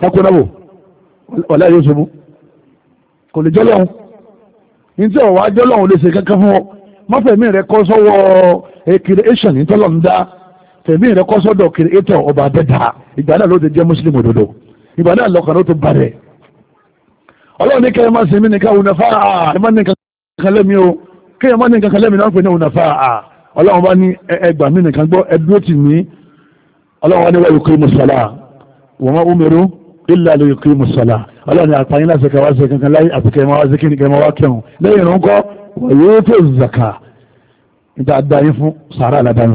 kákóná bò wọlé yóò ṣubú kò lè jọ́lọ́hun ní ọ̀wá jọ́lọ́hun lè ṣe kankan fún ọ mọ́fẹ̀mí rẹ kọ́ sọ́wọ́ recreation ní ń dá tẹ̀mí rẹ kọ́ sọ́dọ̀ kìrìtọ̀ ọba àdẹ́dà ìgbà náà ló ti jẹ́ mùsùlùmí òdodo ìgbà náà lọ́kàn ló ti balẹ̀ ọlọ́run ní kẹ́yẹ́ máa ṣe mí nìkan ònàfà à ẹ má ní kankan lẹ́mi o kẹ́yẹ́ má ní kankan lẹ́mi náà pè ní ònàfà à ọlọ́run bá ní ẹgbà mí nìkan gbọ́ ẹdúró tì mí ọlọ́run wá ní wáyé kí mùsàlá wọ́n máa umiru illa lè kí mùsàlá ọlọ́run àpáyín láti kẹwàá wá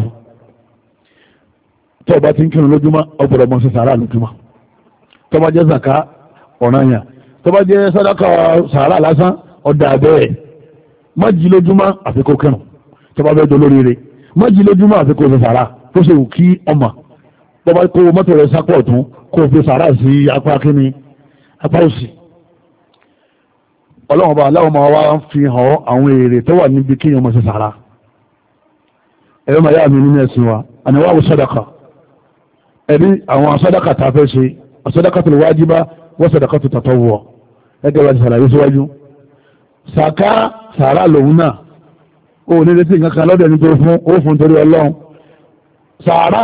tó bá ti ń kírun lójúmọ́ ọgbọ̀dọ̀ mọ́ sí sàárà lójúmọ́ tó bá jẹ́ zaka ọ̀ranyàn tó bá jẹ́ sàdákà sàárà lásán ọ̀dà abẹ́ẹ̀ má jí lójúmọ́ àfi kó kírun tó bá bẹ́ẹ̀ jọ lóríire má jí lójúmọ́ àfi kó sí sàárà tó ṣe wù kí ọmọ tó bá kó mọ́tò rẹ̀ sápọ̀ tún kó fi sàárà sí apá kíní apá òsì ọlọ́run bá aláwọ̀ máa wá fi hàn àwọn èrè tó wà níbi kíyàn mọ́ sí sàárà ẹ̀rọ màá yá mi nínú ẹ̀sìn wa àníwáwò sàdákà ẹ̀rí àwọn asọ́dáka tá a fẹ́ ṣe asọ́dáka tó wájibá wọ́n sọ̀dáka tó tàtọ́ wọ̀ ẹgbẹ́ wa ti sàlàyé síwájú sàká sàrà lòun náà ó ní létí nǹkan kan lọ́dọ̀ ẹni tó fún ó fún torí ọlọ́run sàrà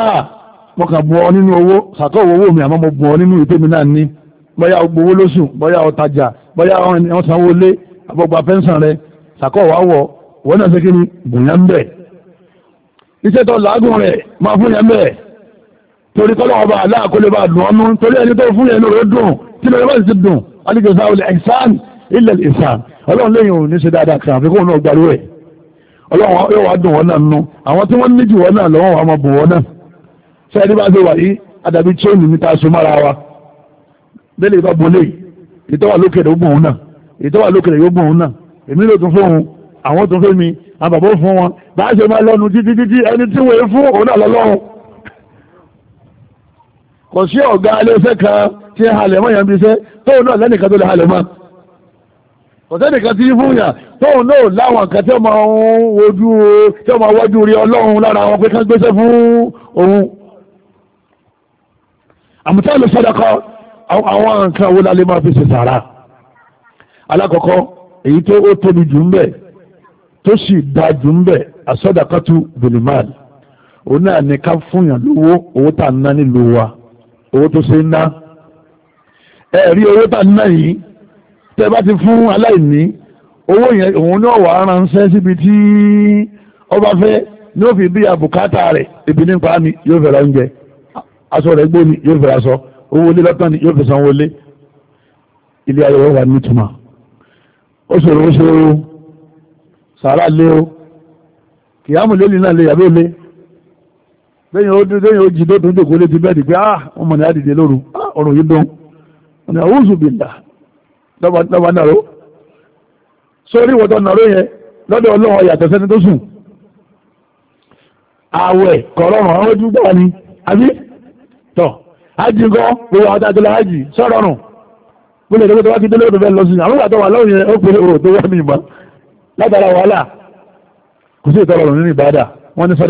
mo kàn bu ọ nínú owó sàká owó mi àmọ́ mo bu ọ nínú ìpè mi náà ní bóyá gbowó lóṣù bóyá ọtajà bóyá wọn sanwó lé àbọ̀gbà pẹ́ńsàn rẹ sàká wàá wọ̀ wọ́n náà ṣe kí ni bùnyá ń tó làágùn rẹ̀ máa fún yẹn torí kọ́lọ́ ọba aláàkólé bá dùn ọ́nú torí ẹni tó fún yẹn lóore dùn kí lóore bá sì dùn alìjọsá olè ẹ̀sán ilẹ̀ ìsàn ọlọ́run lẹ́yìn òní ṣe dáadáa kan àfikún náà gbarú ẹ̀ ọlọ́run yóò wá dùn wọn náà nù àwọn tí wọ́n ní jù wọn náà lọ́wọ́ wọn máa bùn wọn náà ṣé ẹni bá ṣe wà yìí adàbí chain mi ta so wa bẹ́ẹ̀ bá bọ́lé ìtọ́wà ìtọ́wà lókè kò sí ọ̀gá aléṣẹ́ kan tí ń halẹ̀ mọ́ yẹn bí iṣẹ́ tóun náà lẹ́nìkan tó lè halẹ̀ mọ́ kò sẹ́nìkan tí fún yàn tóun náà láwọn kan tí ó máa ń wojú tí ó máa wọ́jú rí ọlọ́run lára wọn pé ká gbéṣẹ́ fún òun àmútá lè sọ́dọ̀kọ́ àwọn nǹkan wo la lè máa fi ṣe sàrà alákọ̀ọ́kọ́ èyí tó ó tóbi jù ń bẹ̀ tó sì da jù ń bẹ̀ àsọ́dọ̀kọ́tù bìlìmáàlì òun náà ní ká fún yàn lówó owó tá à ń ná nílùú wa owó tó ṣe ń ná ẹ rí owó tà ná yìí tẹ́ bá ti fún aláìní owó yẹn òun náà wà á ránṣẹ́ síbi tí ọba fẹ́ ní fi bí àbùkátà rẹ̀ ibi nípa ni yóò fẹ́ ra oúnjẹ aṣọ rẹ̀ gbó ni yóò fẹ́ ra aṣọ owó ilé lọ́tàn ni yóò fẹ́ sanwó ilé ilé ayé wà nítumọ̀ ó ṣòro ó ṣòro sàrà lé o kìyàmù lélì náà lè yàgbé lé lẹ́yìn ó dúró lẹ́yìn ó jí lódún jòkó pé ah, ah wọ́n ní àdìdè lóru ọ̀rùn yìí dùn ní nàró sórí ìwọ̀tọ̀ nàró yẹn lọ́dọ̀ yàtọ̀ sẹ́ni tó sùn àwẹ̀ gbogbo àwọn tàbí láàájì sọ̀rọ̀rùn gbogbo tó wá kí délé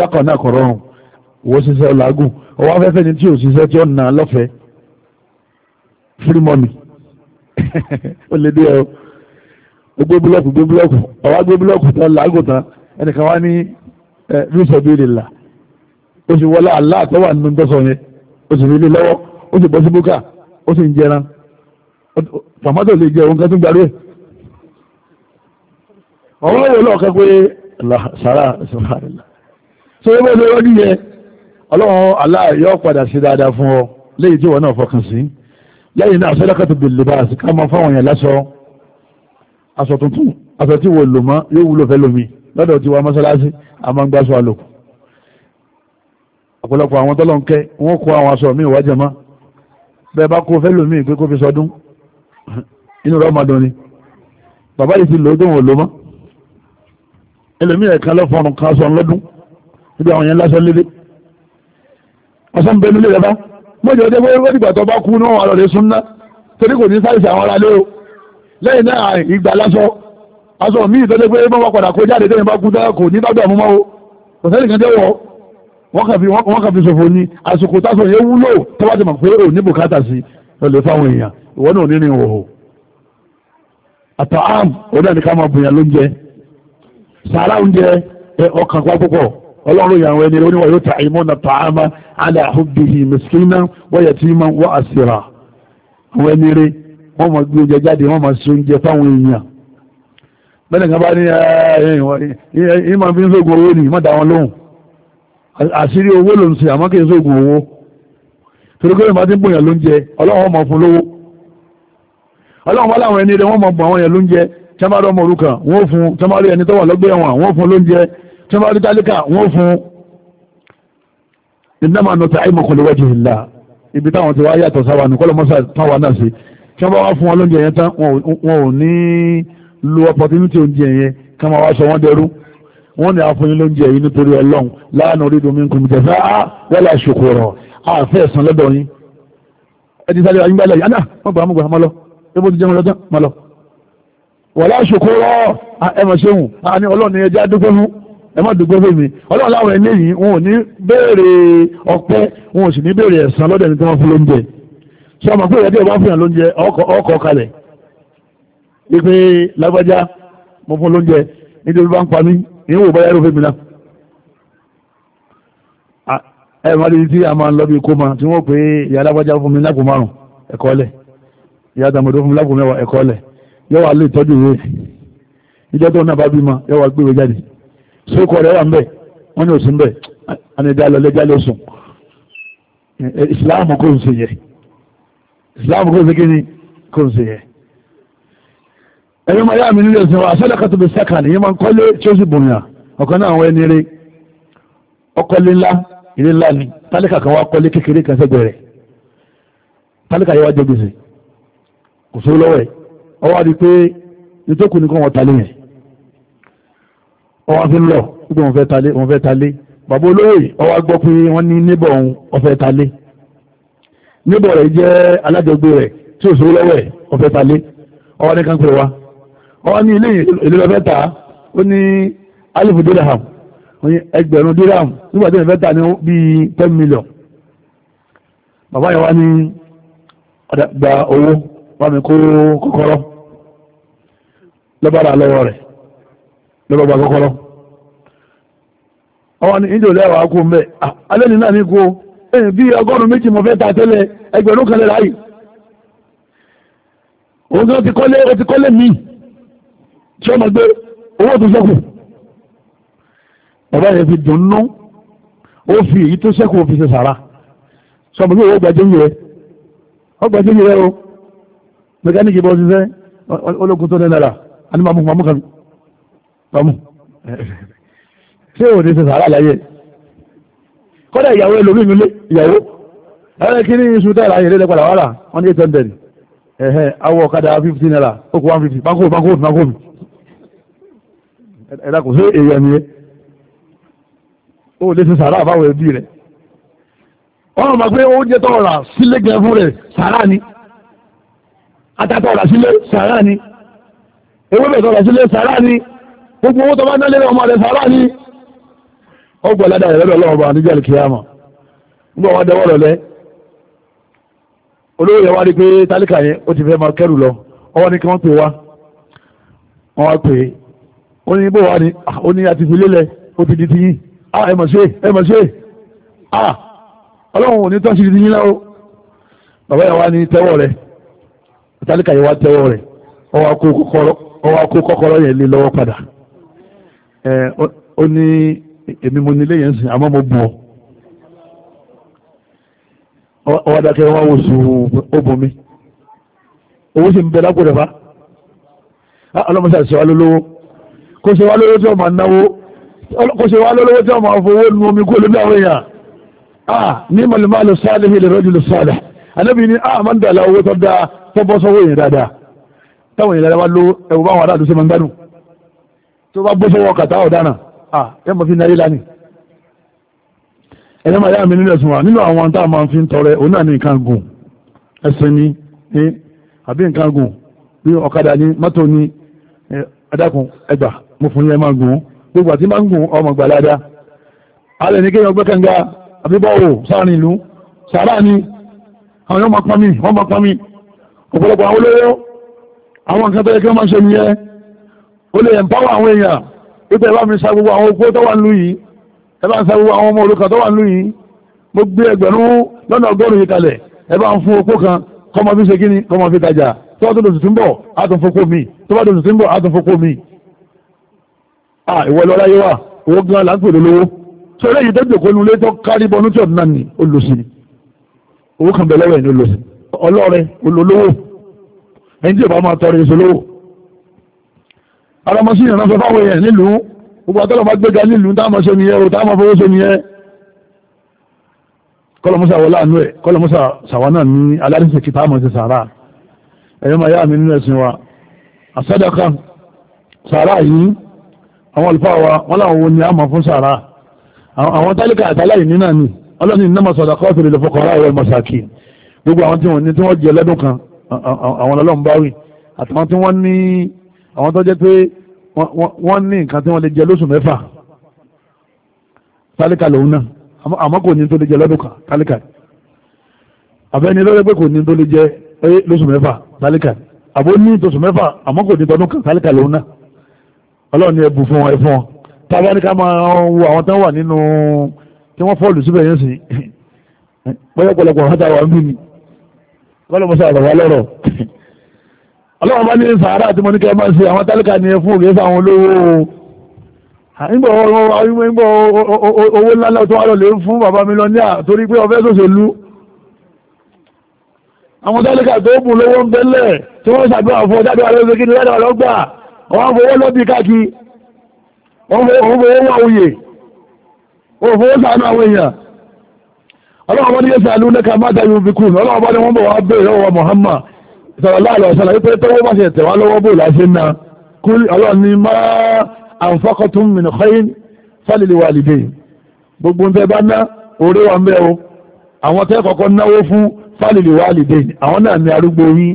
òdò lọ wọ́n ṣiṣẹ́ ọ̀làgùn ọwọ́ afẹ́fẹ́ ni tí ò ṣiṣẹ́ tí ó nà lọ́fẹ̀ẹ́ free money [LAUGHS] ó lè dé ọ ó gbé búlọ́ọ̀kù gbé búlọ́ọ̀kù ọwọ́ gbé búlọ́ọ̀kù tán làágùn tán ẹnìkan wá ní ríṣọ̀ bí lè là ó sì wọlé Allah tó wà nínú tọ́sọ̀ yẹn ó sì rí ilé lọ́wọ́ ó sì bọ́ sí búkà ó sì ń jẹran tòmátò lè jẹ òun kan tó gbàdúrà ọ̀rọ̀ wo lọ́ọ̀kan pé sàrà sàrà sọ yẹ bọ́ sí ọwọ́ nìyẹn ọlọ́run Allah yóò padà sí dáadáa fún ọ lẹ́yìn tí wọ́n náà fọkàn sí lẹ́yìn náà sadaqatu bil libas ká máa fáwọn èèyàn lásọ aṣọ tuntun aṣọ tí wọ́n lò mọ́ yóò wúlò fẹ́ lómi lọ́dọ̀ tí wọ́n mọ́sálásí a máa ń gbáṣọ àlòkù ọ̀pọ̀lọpọ̀ àwọn tọ́lọ̀ ń kẹ́ wọ́n kó àwọn aṣọ mi ìwájẹ mọ́ bẹ́ẹ̀ bá kó fẹ́ lómi pé kó fi sọdún inú rọ́mọdún ni bàbá yìí ti lò tó wọn lò mọ́ ẹlòmíràn kan lọ́fọ̀ọ́nù kan aṣọ ńlọ́dún níbi àwọn yẹn lásán lédè ọ̀sán bẹ́ẹ̀ nílé rẹ̀ bá mọ́jọ́ ọjọ́ pé ó dìgbà tó bá kú náà àlọ́ rẹ̀ súnná torí kò ní sáyẹ̀sì àwọn ará lé o lẹ́yìn náà ìgbà lásọ aṣọ míì tó dé pé wọ́n wá padà kó jáde tẹ́yìn bá kú tẹ́yìn kò ní dájọ́ àmúmọ́ o kò sẹ́ni kan jẹ́ wọ́ wọ́n kàn fi ṣòfò ni àsìkò táṣọ yẹn wúlò tó bá ti mọ̀ pé ò ní bùkátà sí lọ́lẹ̀ fáwọn èèyàn ìwọ náà nínú ìwọ̀ àtàám ọ̀dọ́ ní ká máa bùyàn lóúnjẹ sàárà oúnjẹ ọkàn pa púpọ̀ ọlọ́run ìyàwó ẹni oníwọ̀ yóò ta ìmọ̀ nà tààmà ala hubbihi miskina wa yatima wa asira àwọn ẹni rẹ̀ wọ́n máa gbé oúnjẹ jáde wọ́n máa ṣe oúnjẹ fáwọn èèyàn bẹ́ẹ̀ kan bá ní ẹ̀yìn ma fi ń sógun owó ní mọ́ta wọn lóhùn àṣírí owó ló ń ṣe àmọ́ kí n sógun owó torí pé ìmọ̀ tí ń bòyàn ló ń jẹ ọlọ́wọ́n mọ̀ fún lówó ọlọ́wọ́n bá láwọn ẹni rẹ̀ wọ́n mọ̀ bọ̀ àwọn yẹn ló tí wọ́n bá rọ́ ọmọ òrukàn wọ́n fún tí wọ́n bá rí ẹni tó wà lọ́gbẹ́ wọ́n fún lóúnjẹ tí wọ́n bá rí tálíkà wọ́n fún innama nut'imukum liwajhillah ibi táwọn ti wá yàtọ̀ sáwà ní kọ́lọ́mọ́sà táwa náà sí kí wọ́n bá wá fún wọn lóúnjẹ yẹn tán wọn ò ní lo opportunity oúnjẹ yẹn kí wọ́n wá sọ wọ́n dẹrú wọ́n ní àfọyín lóúnjẹ yìí nítorí ọlọ́run la nuridu minkum jazaa wala shukura àfẹ́ ẹ̀sán lọ́dọ̀ yín ẹni sáré ayé gbálẹ̀ yìí ana wọ́n gbà mọ́gbà mọ́lọ ebo ti jẹun lọ́jọ́ mọ́lọ wala shukura ẹ̀mọ̀ ṣeun ni ẹja dúpẹ́ ẹ má dùgbò fèmí ọlọ́run láwọn eléyìí wọn ò ní béèrè ọpẹ́ wọn ò sì ní béèrè ẹ̀san lọ́dẹ̀ ní tí wọ́n fún lóúnjẹ sọ ma pé ìrẹ́díẹ̀ bá fìyàn lóúnjẹ ọkọ̀ kalẹ̀ wípé lágbájá mo fún lóúnjẹ nítorí bá ń pa mí ìyẹn wò báyà ló fèmí náà ẹ má dídí tí a máa ń lọ bí kó ma tí wọ́n pé ìyá lágbájá fún mi lápò márùn ẹ̀kọ́ lẹ̀ ìyá tàmọ̀dó fún mi lápò mẹ́wàá ẹ̀kọ́ lẹ̀ yọ wà lè tọ́jú ìjọ tó náà bá bímọ yọ wà jáde ṣé kọ́ rẹ̀ wà ń bẹ̀ wọ́n ní òsín bẹ̀ anidá lọlé jálẹ̀ sùn ìsìláàmù kò ń ṣe yẹ ìsìláàmù kò ń ṣe kí ni kò ń ṣe yẹ. ẹ̀yin máa yá mi nílé ìsìn wa sọ́dọ̀ kàtó bí sákàní yín máa ń kọ́lé tí ó sì bùn yàn ọ̀kan náà àwọn ẹni rí ọkọ̀lé ńlá ilé ńlá ni tálíkà kan wá kọ́lé kékeré kan sẹ́gbẹ̀ẹ́ rẹ̀ tálíkà yẹn wá jẹ gbèsè kò sówó lọ́wọ́ ẹ̀ ọwọ́ ọwọ́ fi ń lọ pé wọ́n fẹ́ talé wọ́n fẹ́ talé bàbá olówó yìí ọwọ́ gbọ́ pé wọ́n ní níbọ̀ òun ọfẹ́ talé níbọ̀ rẹ̀ jẹ́ alájọgbé rẹ̀ tí ò sówó lọ́wọ́ ẹ̀ ọfẹ́ talé ọwọ́ ní kankan wa ọwọ́ ní ilé ìlú lọ́fẹ́ ta ó ní alifu dirham ẹgbẹ̀rún dirham nígbà tí wọ́n fẹ́ ta ní bíi ten million bàbá yẹn wá ní gba owó wá mi kó kọ́kọ́rọ́ lọ́bàrà lọ́wọ́ rẹ̀ lọ́ba gba kọ́kọ́rọ́ ọwọ́ ni ìjọ lẹ́wà kú mbẹ́ ah, alẹ́ ní náà ní kú ẹ̀yìn eh, bí ọgọ́rùn méjì mọ̀ fẹ́ ta tẹ́lẹ̀ ẹgbẹ̀rún kan lẹ́la yìí òun tó ti kọ́lé ó ti kọ́lé mi tí ó mọ̀ gbé owó tó sẹ́kù bàbá yẹn fi dùnnú ó fi èyí tó sẹ́kù ó fi ṣe sàrà sọ ma pé owó gbàjẹ́ yìí rẹ ó o mẹkáníkì bọ́ ṣiṣẹ́ ológun tó dẹ́ náírà àní màmú màmú kan tọ́mù ṣé ò ní ṣe sàárà láyé kọ́dà ìyàwó ẹlòmí nílé ìyàwó ẹ̀rẹ́ kí ní iṣu tẹ́lá ayé lẹ́lẹ́ padà wàrà wọ́n ní eight hundred ẹ̀hẹ́ awọ ọ̀kadà fifty naira ó kù one fifty bánkó bánkó bánkó mi ẹ̀dá kò sí èèyàn ni ó lè ṣe sàárà fáwọn ẹbí rẹ̀ wọ́n mọ̀ pé oúnjẹ tó rà sílé gan fún rẹ̀ sàárà ni ata tó rà sílé sàárà ni ewébẹ̀ tó rà sílé sàárà ni gbogbo owó tó bá dálé ọmọ rẹ̀ sàárà ní ọgbà ládà ìrẹ́lẹ̀ ọlọ́run bá níjà kìíyàmà nígbà wọn dẹwọ́ rọ̀lẹ́ olóyè yẹn wá rí pé tálíkà yẹn ó ti fẹ́ máa kẹ́rù lọ ọwọ́ ní kí wọ́n pè wá wọ́n wá pè ó ní bó wá ní ah, ó ní àti ìfilé lẹ ó ti di ti yín ah ẹ mọ̀ ṣe ẹ mọ̀ ṣe ah ọlọ́run ò ní tọ́ sí ti yín láwọ́ bàbá yẹn wá ní tẹ́wọ́ rẹ̀ tálíkà yẹn wá tẹ́wọ́ rẹ̀ ọwọ́ akó kọ́kọ́rọ́ yẹn lé lọ́wọ́ padà ó ní èmi mo nílé yẹn sìn àmọ́ mo bù ọ́ ọwọ́ dákẹ́ wọn wò sùn òbò mi owó sì ń bẹ lápò rẹ̀ fa ah, ọlọ́mọṣẹ́ àti ṣèwá lólówó kó ṣe wá lólówó tí wọ́n máa náwó kó ṣe wá lólówó tí wọ́n máa fowó nu omi kó lóbi àwọn èèyàn ah ní màlúmálù sáàlẹ̀ ilẹ̀ rọ́jù lè sáàlẹ̀ ànábì ní ah máa ń dà láwọ́ owó tó dáa tó bọ́ sọ́wọ́ èèyàn dáadáa táwọn èèyàn dáadáa wá ló ẹ̀wọ̀n báwọn aláàdúnṣe máa ń gbádùn tó bá bó sọ́wọ́ kàtà ọ̀daràn à fi náírà lánìí ẹ̀yẹ́ máa yá mi nílẹ̀ sùn wà nínú àwọn tá a máa fi ń tọrẹ òun náà ní nǹkan gùn ni ní àbí nǹkan gùn bí ọ̀kadà mọ́tò adákun ẹgbà mo fún yẹn máa gùn gbogbo àti máa ń gùn ọmọ alẹ́ ní kéèyàn àbí ìlú sàrà ni àwọn yóò máa wọ́n máa ó lè empower àwọn èèyàn wípé ẹ bá mi sa gbogbo àwọn opó tó wà nílùú yìí ẹ bá ń sa gbogbo àwọn ọmọ olùkọ́ tó wà nílùú yìí mo gbé ẹgbẹ̀rún lọ́nà ọgọ́rùn-ún yìí kalẹ̀ ẹ bá ń fún opó kan kọ́mọ fi ṣe kí ni kọ́mọ fi tajà tó bá tó lòsì tí bọ̀ á tún fokó mi tó bá tó lòsì tí bọ̀ á tún fokó mi. à ìwọ lọ́la yé wa owó gan la ń pè lólówó sọ eléyìí tó jòkó nulẹ̀ tó kárí bọnú tí ọ̀dùnà ni olùsí owó kan bẹ̀ lọ́wọ́ ẹ̀ ní olùsí ọlọ́rẹ̀ olólówó ẹni tí ìbá máa tọrọ èso alamọ́sí ìrànà sọ fáwọn èèyàn nílùú gbogbo àtọ́lọ̀ bá gbéga nílùú táwọn ṣe nìyẹn o táwọn fowó ṣe nìyẹn kọlọmọsà wọlé àánú ẹ kọlọmọsà sàwánà ní aláríṣẹ́ kìtà àmọ́ ti sàárà ẹ̀yọ́ máa yá mi nínú ẹ̀sìn wa àsádàkà sàárà yìí àwọn olùfà wa wọn làwọn wo ni a mọ̀ fún sàárà àwọn tálíkà àtàláyì ní náà ni ọlọ́ni innama sadaqatu lil fuqara wal masakin gbogbo àwọn tí wọ́n ní tí wọ́n jẹ lẹ́dún kan àwọn ọlọ́run wọ́n ní nǹkan tí wọ́n lè jẹ lóṣù mẹ́fà tálíkà lòun náà àmọ́ kò ní tó lè jẹ lọ́dún kan tálíkà àbẹ́ni lọ́dún pé kò ní tó lè jẹ lóṣù mẹ́fà tálíkà àbó ní tóṣù mẹ́fà àmọ́ kò ní tọdún kan tálíkà lòun náà ọlọ́run ni ẹ̀bùn fún ẹ̀fọn tábà ní ká máa wo àwọn tán wà nínú tí wọ́n fọ́ọ̀lù síbẹ̀ yẹn sí pẹ́yọ́pọ̀lọpọ̀ [LAUGHS] àwọn táwọn ń bí ni kọ́lọ́mọsá [LAUGHS] ọlọ́wọ́n bá ní sàárà àti mọ́ ní kẹ́ máa ṣe àwọn tálíkà ní fún òkè fún àwọn olówó nígbà owó ńláńlá tó wà lọ lè fún bàbá mi lọ ní àtorí pé ọfẹ́ sòṣèlú àwọn tálíkà tó bùn lówó ń bẹ́lẹ̀ tí wọ́n ṣàdúrà fún ọjọ́ àdúrà lọ́sẹ̀ kí ni lẹ́dọ̀ lọ́gbà wọ́n fowó lọ́bì káàkiri wọ́n fowó wà òye wọ́n fowó sàánú àwọn èèyàn ọlọ́wọ́n bá ní yẹ́sà lónẹ́ka má dáyé obìkún ọlọ́wọ́n bá ní wọ́n bọ̀ wá bẹ̀rẹ̀ ọwọ́ Muhammad sọ̀rọ̀lá àlọ́sọ̀rọ̀ wípé tọ́wọ́ bá ṣe tẹ̀wá lọ́wọ́ bó láṣẹ ń na kúrì ọlọ́run ní má àǹfọ́kọ́tún mìíràn kọ́yìn fálẹ̀lẹ̀ wà lìdè gbogbo ń tẹ́ bá ná orí wa ń bẹ́ o àwọn tẹ́ kọ́kọ́ náwó fún fálẹ̀lẹ̀ wà lìdè àwọn náà ní arúgbó yín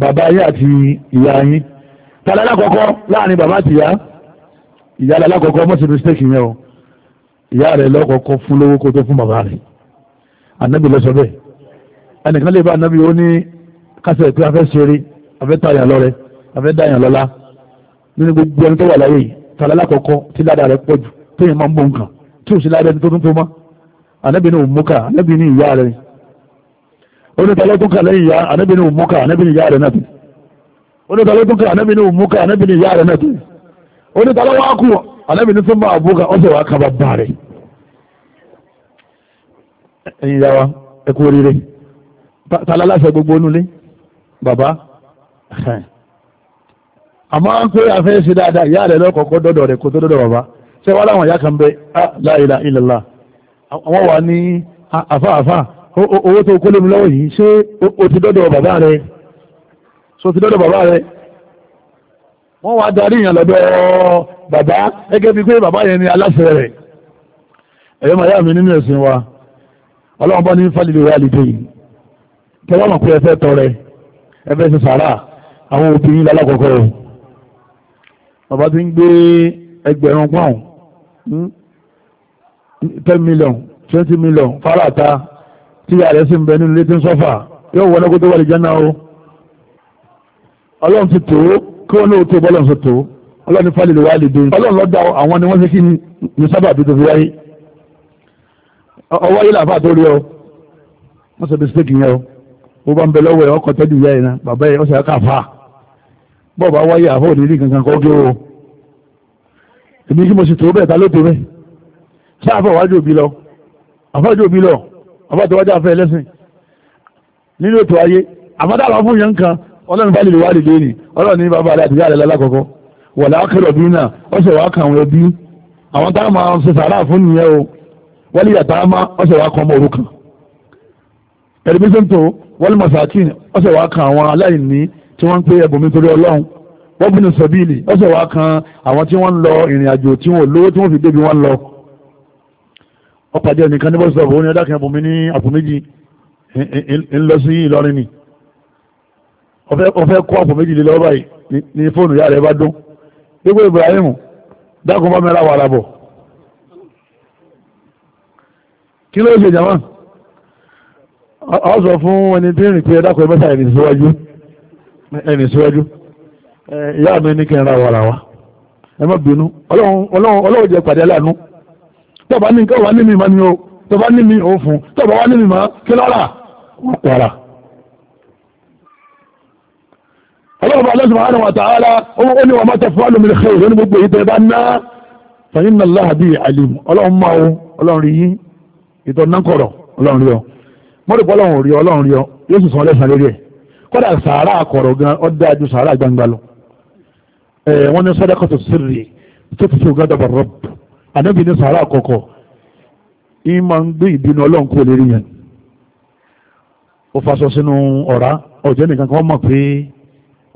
bàbá yín àti ìyá yín tàlẹ́ alákọ̀ọ́kọ́ láàrin bàbá àti ìyá ìyá alákọ̀ọ́kọ́ mọ́sí mistake yẹn o ìyá rẹ̀ lọ́kọ̀ọ́kọ́ fún lówó kó tó fún bàbá rẹ̀ ànábì lọ́sọ bẹ́ẹ̀ ẹnìkan lè bá ànábì ó ní kásẹ̀ pé afẹ́ ṣeré afẹ́ tààyàn lọ́rẹ́ afẹ́ dààyàn lọ́lá nínú gbogbo ẹni tó wà láyé yìí tààlà lákọ̀ọ́kọ́ tí ládàá rẹ̀ pọ̀ jù téèyàn máa ń bó nǹkan tí ò sí ládàá ẹni tó tún tó mọ́ ànábì ní òmùkà ànábì ní ìyá rẹ̀ onítàlọ́túnkà lẹ́yìn ìyá ànábì ní òmùkà ànábì ní ìyá rẹ̀ náà tún onítàlọ́túnkà ànábì ní òmùkà ànábì ní ìyá rẹ̀ náà tún onítàlọ́wákù ànábì ní súnmọ́ baba a ma n fi afe si dada ya da lo koko dodo re ko dodo baba se wala won ya kan be ah la ila illa allah awon wa ni afa afa owo to kule mi yi se o ti dodo baba re so ti dodo baba re won wa dari yan lodo baba e bi pe baba yen ni alase re e ma ya mi ni nese wa olohun ba ni falili walidein te wa mo pe fe tore ẹfẹ́ ṣe sàárà àwọn òbí yín lálákọ̀ọ́kọ́ o bàbá ti ń gbé ẹgbẹ̀rún pọ́ùn hmm, ten million twenty million fárata tí ìyá rẹ̀ sì ń bẹ nínú létí sọ́fà yóò wọlé kó tó wà lè jẹ́ náà o ọlọ́run ti tó kí wọ́n náà tó bọ́lọ́run ti tó ọlọ́run fàlè lè wá lè dé ọlọ́run lọ́dà àwọn ni wọ́n ṣe kí ni sábà bí tó fi wáyé ọwọ́ yìí làbá tó rí ọ wọ́n sọ bí stéèkì yẹn o bó bá ń bẹ lọ́wọ́ ẹ̀ ọkọ̀ tọ́jú ìyá ẹ̀ náà bàbá ẹ̀ ọ̀sẹ̀ ká bọ́ọ̀ bá wáyé àfọ̀ òdìrí kankan kọ́ gé o èmi kí mo sì tó bẹ́ẹ̀ ta ló tó bẹ́ẹ̀ sáàfọ̀ wájú òbí lọ àfọ́jú òbí lọ àfọ́jú wájú àfẹ́ ẹlẹ́sìn nínú ètò ayé àfọ́dàlọ́ fún yẹn kan ọlọ́run bá lè wá lè lé ní ọlọ́run ní bàbá àti ìyá rẹ̀ lálákọ̀ọ́kọ́ wọ̀ lákẹ́rọ̀ bí náà ọ̀sẹ̀ wá kàn wọ́n bí àwọn tá a máa ṣe sàrà fún nìyẹn o wọ́n lè yàtá a má ọ̀sẹ̀ wá wọ́n masakin ọ̀sẹ̀ wàá kan àwọn aláìní tí wọ́n ń pé ẹ̀bùnmi torí ọlọ́run wọ́n bínú sọ́bìlì ọ̀sẹ̀ wàá kan àwọn tí wọ́n ń lọ ìrìn àjò tí wọ́n lówó tí wọ́n fi débi wọ́n lọ. ọ̀pàdé ẹnìkan ní bọ́sítọ̀ òun ni ọ̀dà kan ẹ̀bùnmi ní àpò méjì ń lọ sí Ìlọrin ni ọ̀fẹ́ kó àpò méjì lé lọ́wọ́ báyìí ní fóònù yàrá ẹ bá dún gbogbo Ibrahim dákun bá mẹ́ra wàrà bọ̀ kí ló ṣe jàmáà ọ sọ fún ẹni tí ń rìn pé ẹdákùn ẹmẹ́ta ẹni síwájú ẹni síwájú ìyá mi ní kí n ra wàrà wa ẹ má bínú ọlọ́run jẹ pàdé aláàánú tọba ní nǹkan wà ní mi máa ní o tọba ní mi ò fún tọba wà ní mi máa kí lọ́ra wọ́n pààrà. ọlọ́run bá lọ́sùn àwọn àwọn àtàlà ó ní wàá má tẹ fún àlùmí lẹ́kẹ́ ìlú ní gbogbo ìtẹ́ bá ná fẹ̀yìn náà láàbí àlìm ọlọ́run máa wo ọlọ́run rí yín ìtọ́ náà kọ̀rọ̀ ọlọ́run rí ọ mọ́rùkú ọlọ́run rí ọlọ́run rí ọ yóò sì san ọlẹ́sàn lórí ẹ̀ kọ́dà sàárà àkọ̀rọ̀ gan ó dáa ju sàárà gbangba lọ wọ́n ní sọ́dọ̀kọ̀ tó sírì tó ti fi ògá dọ̀bọ̀ rọ̀ ànábì ní sàárà àkọ́kọ́ yín máa ń gbé ìbínú ọlọ́run kúrò lérí yẹn ó faṣọ sínú ọ̀rá ọ̀jẹ́ nìkan kan mọ̀ pé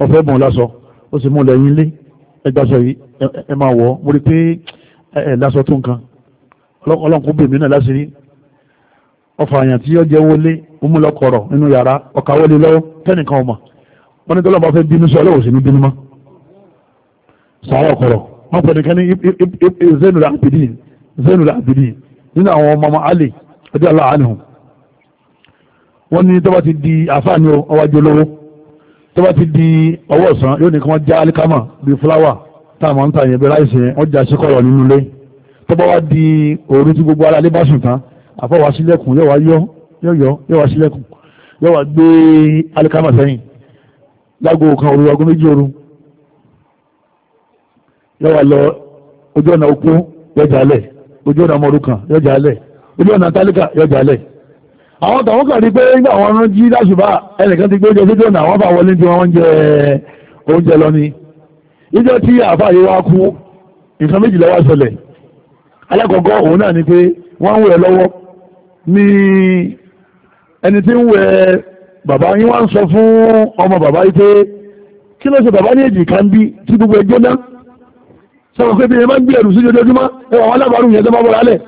ọ̀fẹ́ bùn lásọ ó sì mú lẹ́yìn lé ẹgbàṣọ yìí ẹ máa wọ̀ mo rí pé ẹ lásọ tó nǹkan ọlọ́run kò bèmí náà láṣìírí ọfà àyàn tí yọ jẹ wọlé omúlọkọrọ nínú yàrá ọkà wọlé lọ́wọ́ tẹnìkan ọmọ wọn ní tọ́lọ́mọ fẹ́ bínú sọ ọlọ́wọ́ sí ní bínú mọ́ sàárọ̀ kọ̀rọ̀ wọn pẹ̀lú kan ní Zainul Abidin Zainul Abidin nínú àwọn ọmọ ọmọ Ali ọjọ́ aláwọ̀ àánú wọn ní tọ́ba ti di àfáàní ọwájú olówó tọ́ba ti di ọwọ́ ọ̀sán yóò ní kí wọ́n já alikama bíi fúláwà táwọn ń ta yẹn bí láìsí wọn já síkọ̀rọ̀ nínú ilé tọ́ba wá di òru tí gbogbo ara alẹ́ bá sùn tán àfọwà sílẹ̀kùn yọ̀wá yọ yọ̀yọ̀ yọ̀wá sílẹ̀kùn yọ̀wá gbé alikama sẹ́yìn lágbo kan òru ọgọ́ méjì òru yọ̀wá lọ ojú ọ̀nà opó yọjà alẹ̀ ojú ọ̀nà ọmọ òrukàn yọjà alẹ̀ ojú ọ̀nà tálíkà yọjà alẹ̀ àwọn tàwọn kàn rí pé nígbà wọn rán jí láṣùbà ẹnìkan ti gbé oúnjẹ sójú ọ̀nà àwọn bá wọlé tí wọ́n jẹ oúnjẹ lọ ni ìjọ tí àfààyè wa kú nǹkan méjìlá wa ṣẹlẹ̀ alákọ̀ọ́kọ́ òun náà ni pé wọ́n ń wẹ̀ lọ́wọ́ ni ẹni tí ń wẹ bàbá yín wá ń sọ fún ọmọ bàbá yìí pé kí ló ṣe bàbá ní èjì kan bí tí gbogbo ẹjọ́ náà sọ̀rọ̀ pé bí ẹ máa ń gbé ẹrù sí ojoojúmọ́ ẹwà wọn lábàárù yẹn tó máa bọ̀rọ̀ alẹ̀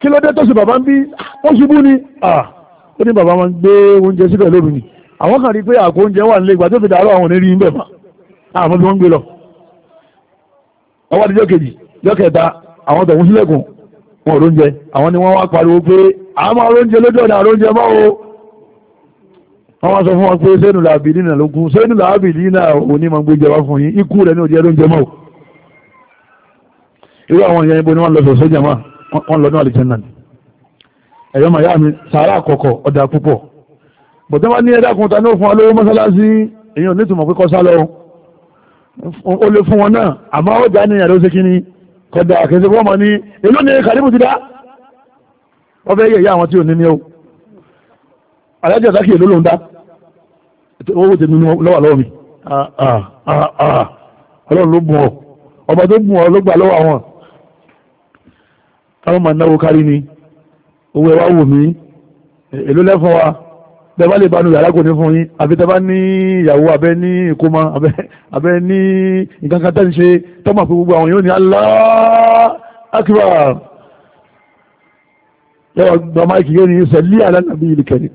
kí ló dé tó sì bàbá ń bí ó ṣubú ni ó ní bàbá máa ń gbé oúnjẹ síbẹ̀ lóru ni àwọn kan rí pé àkó oúnjẹ wà nílé ìgbà tó fi dàárọ̀ àwọn onírí ń bẹ̀ mà àmọ́ bí wọ́n ń gbé lọ ọwọ́ àdìjọ́ kejì jọ́ àwọn tọ̀hún sílẹ̀kùn wọn oróúnjẹ àwọn ni wọ́n wá pariwo pé a máa oróúnjẹ lójú ọ̀nà oróúnjẹ mọ́ o wọ́n wá sọ fún wọn pé sẹ́nu làbì nínà lógún sẹ́nu làbì nínà òní máa gbé jẹba fún yín ikú rẹ̀ ní òjẹ́ oróúnjẹ mọ́ o irú àwọn èèyàn ibo ni wọ́n lọ sọ sójà máa wọ́n lọ ní àlìjẹ́nà ni ẹ̀yọ́ màá yá mi sàárà àkọ́kọ̀ ọ̀dà púpọ̀ bọ̀dé wá ní ẹ̀dá kan ta ní òfin olówó mọ́sálásí èèyàn nítumọ̀ pé kọ́ sá lọ ó lè fún wọn náà àmọ́ ó dá ní ìyàrá kọ̀dà àkẹsẹ̀ wọ́n mọ̀ ní èló ni kàdíbù ti dá wọ́n fẹ́ yẹ ìyá àwọn tí ò ní ní o alájẹ́ ìsákì èló ló ń dá owó tèmi ní lọ́wọ́ lọ́wọ́ mi ọlọ́run ló bùn ọ ọba tó bùn ọ ló gbà lọ́wọ́ àwọn táwọn máa náwó kárí ni owó ẹwà wò mí èló lẹ́fọ́ wa tẹ́bá lè bánu yàrá kò ní fún yín àfi tẹ́bá ní ìyàwó abẹ́ ní ìkómọ abẹ́ ní nǹkan kan ṣe tọ́mọ̀ fún gbogbo àwọn yóò ní Allah akbar yọ̀rọ̀ gba máìkì yóò ní salli ala nabiyil karim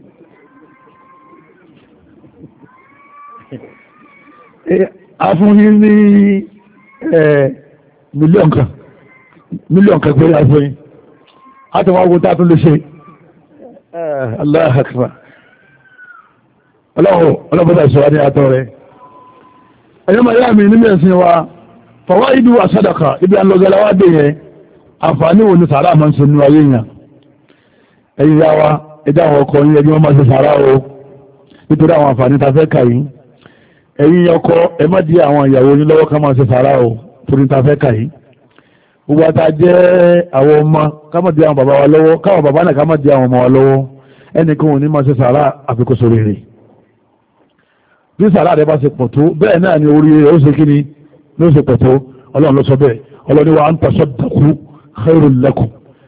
afúnyín ní mílíọ̀n kan mílíọ̀n kan pé afúnyín a ogun tá a tún lè ṣe Allah akbar ọlọ́run ọlọ́bọ̀dà ìṣòwádìí àtọ́ rẹ̀ ẹ̀yọ́ máa yá mi nínú ẹ̀sìn wa fọwọ́ ìdú àṣàdàkà ibi àlọ́gẹ́lá wá dé yẹn àǹfààní wo ni sàárà máa ń ṣe nínú ayé yẹn ẹ̀yìn yá wa ẹjọ́ àwọn ọkọ yín ẹni wọ́n máa ṣe sàárà o nítorí àwọn àǹfààní ta fẹ́ kà yín ẹ̀yìn ọkọ ẹ má di àwọn ìyàwó yín lọ́wọ́ ká máa ṣe sàárà o torí ta fẹ́ kà yín gbogbo ata jẹ́ àwọn ọmọ ká má di àwọn bàbá wa lọ́wọ́ ká bí sàrà rẹ̀ bá ṣe pọ̀ tó bẹ́ẹ̀ náà ni orí rẹ̀ ó ṣe kíni ló ṣe pọ̀ tó ọlọ́run ló sọ bẹ́ẹ̀ ọlọ́run wa an tasaddaqu khairul lakum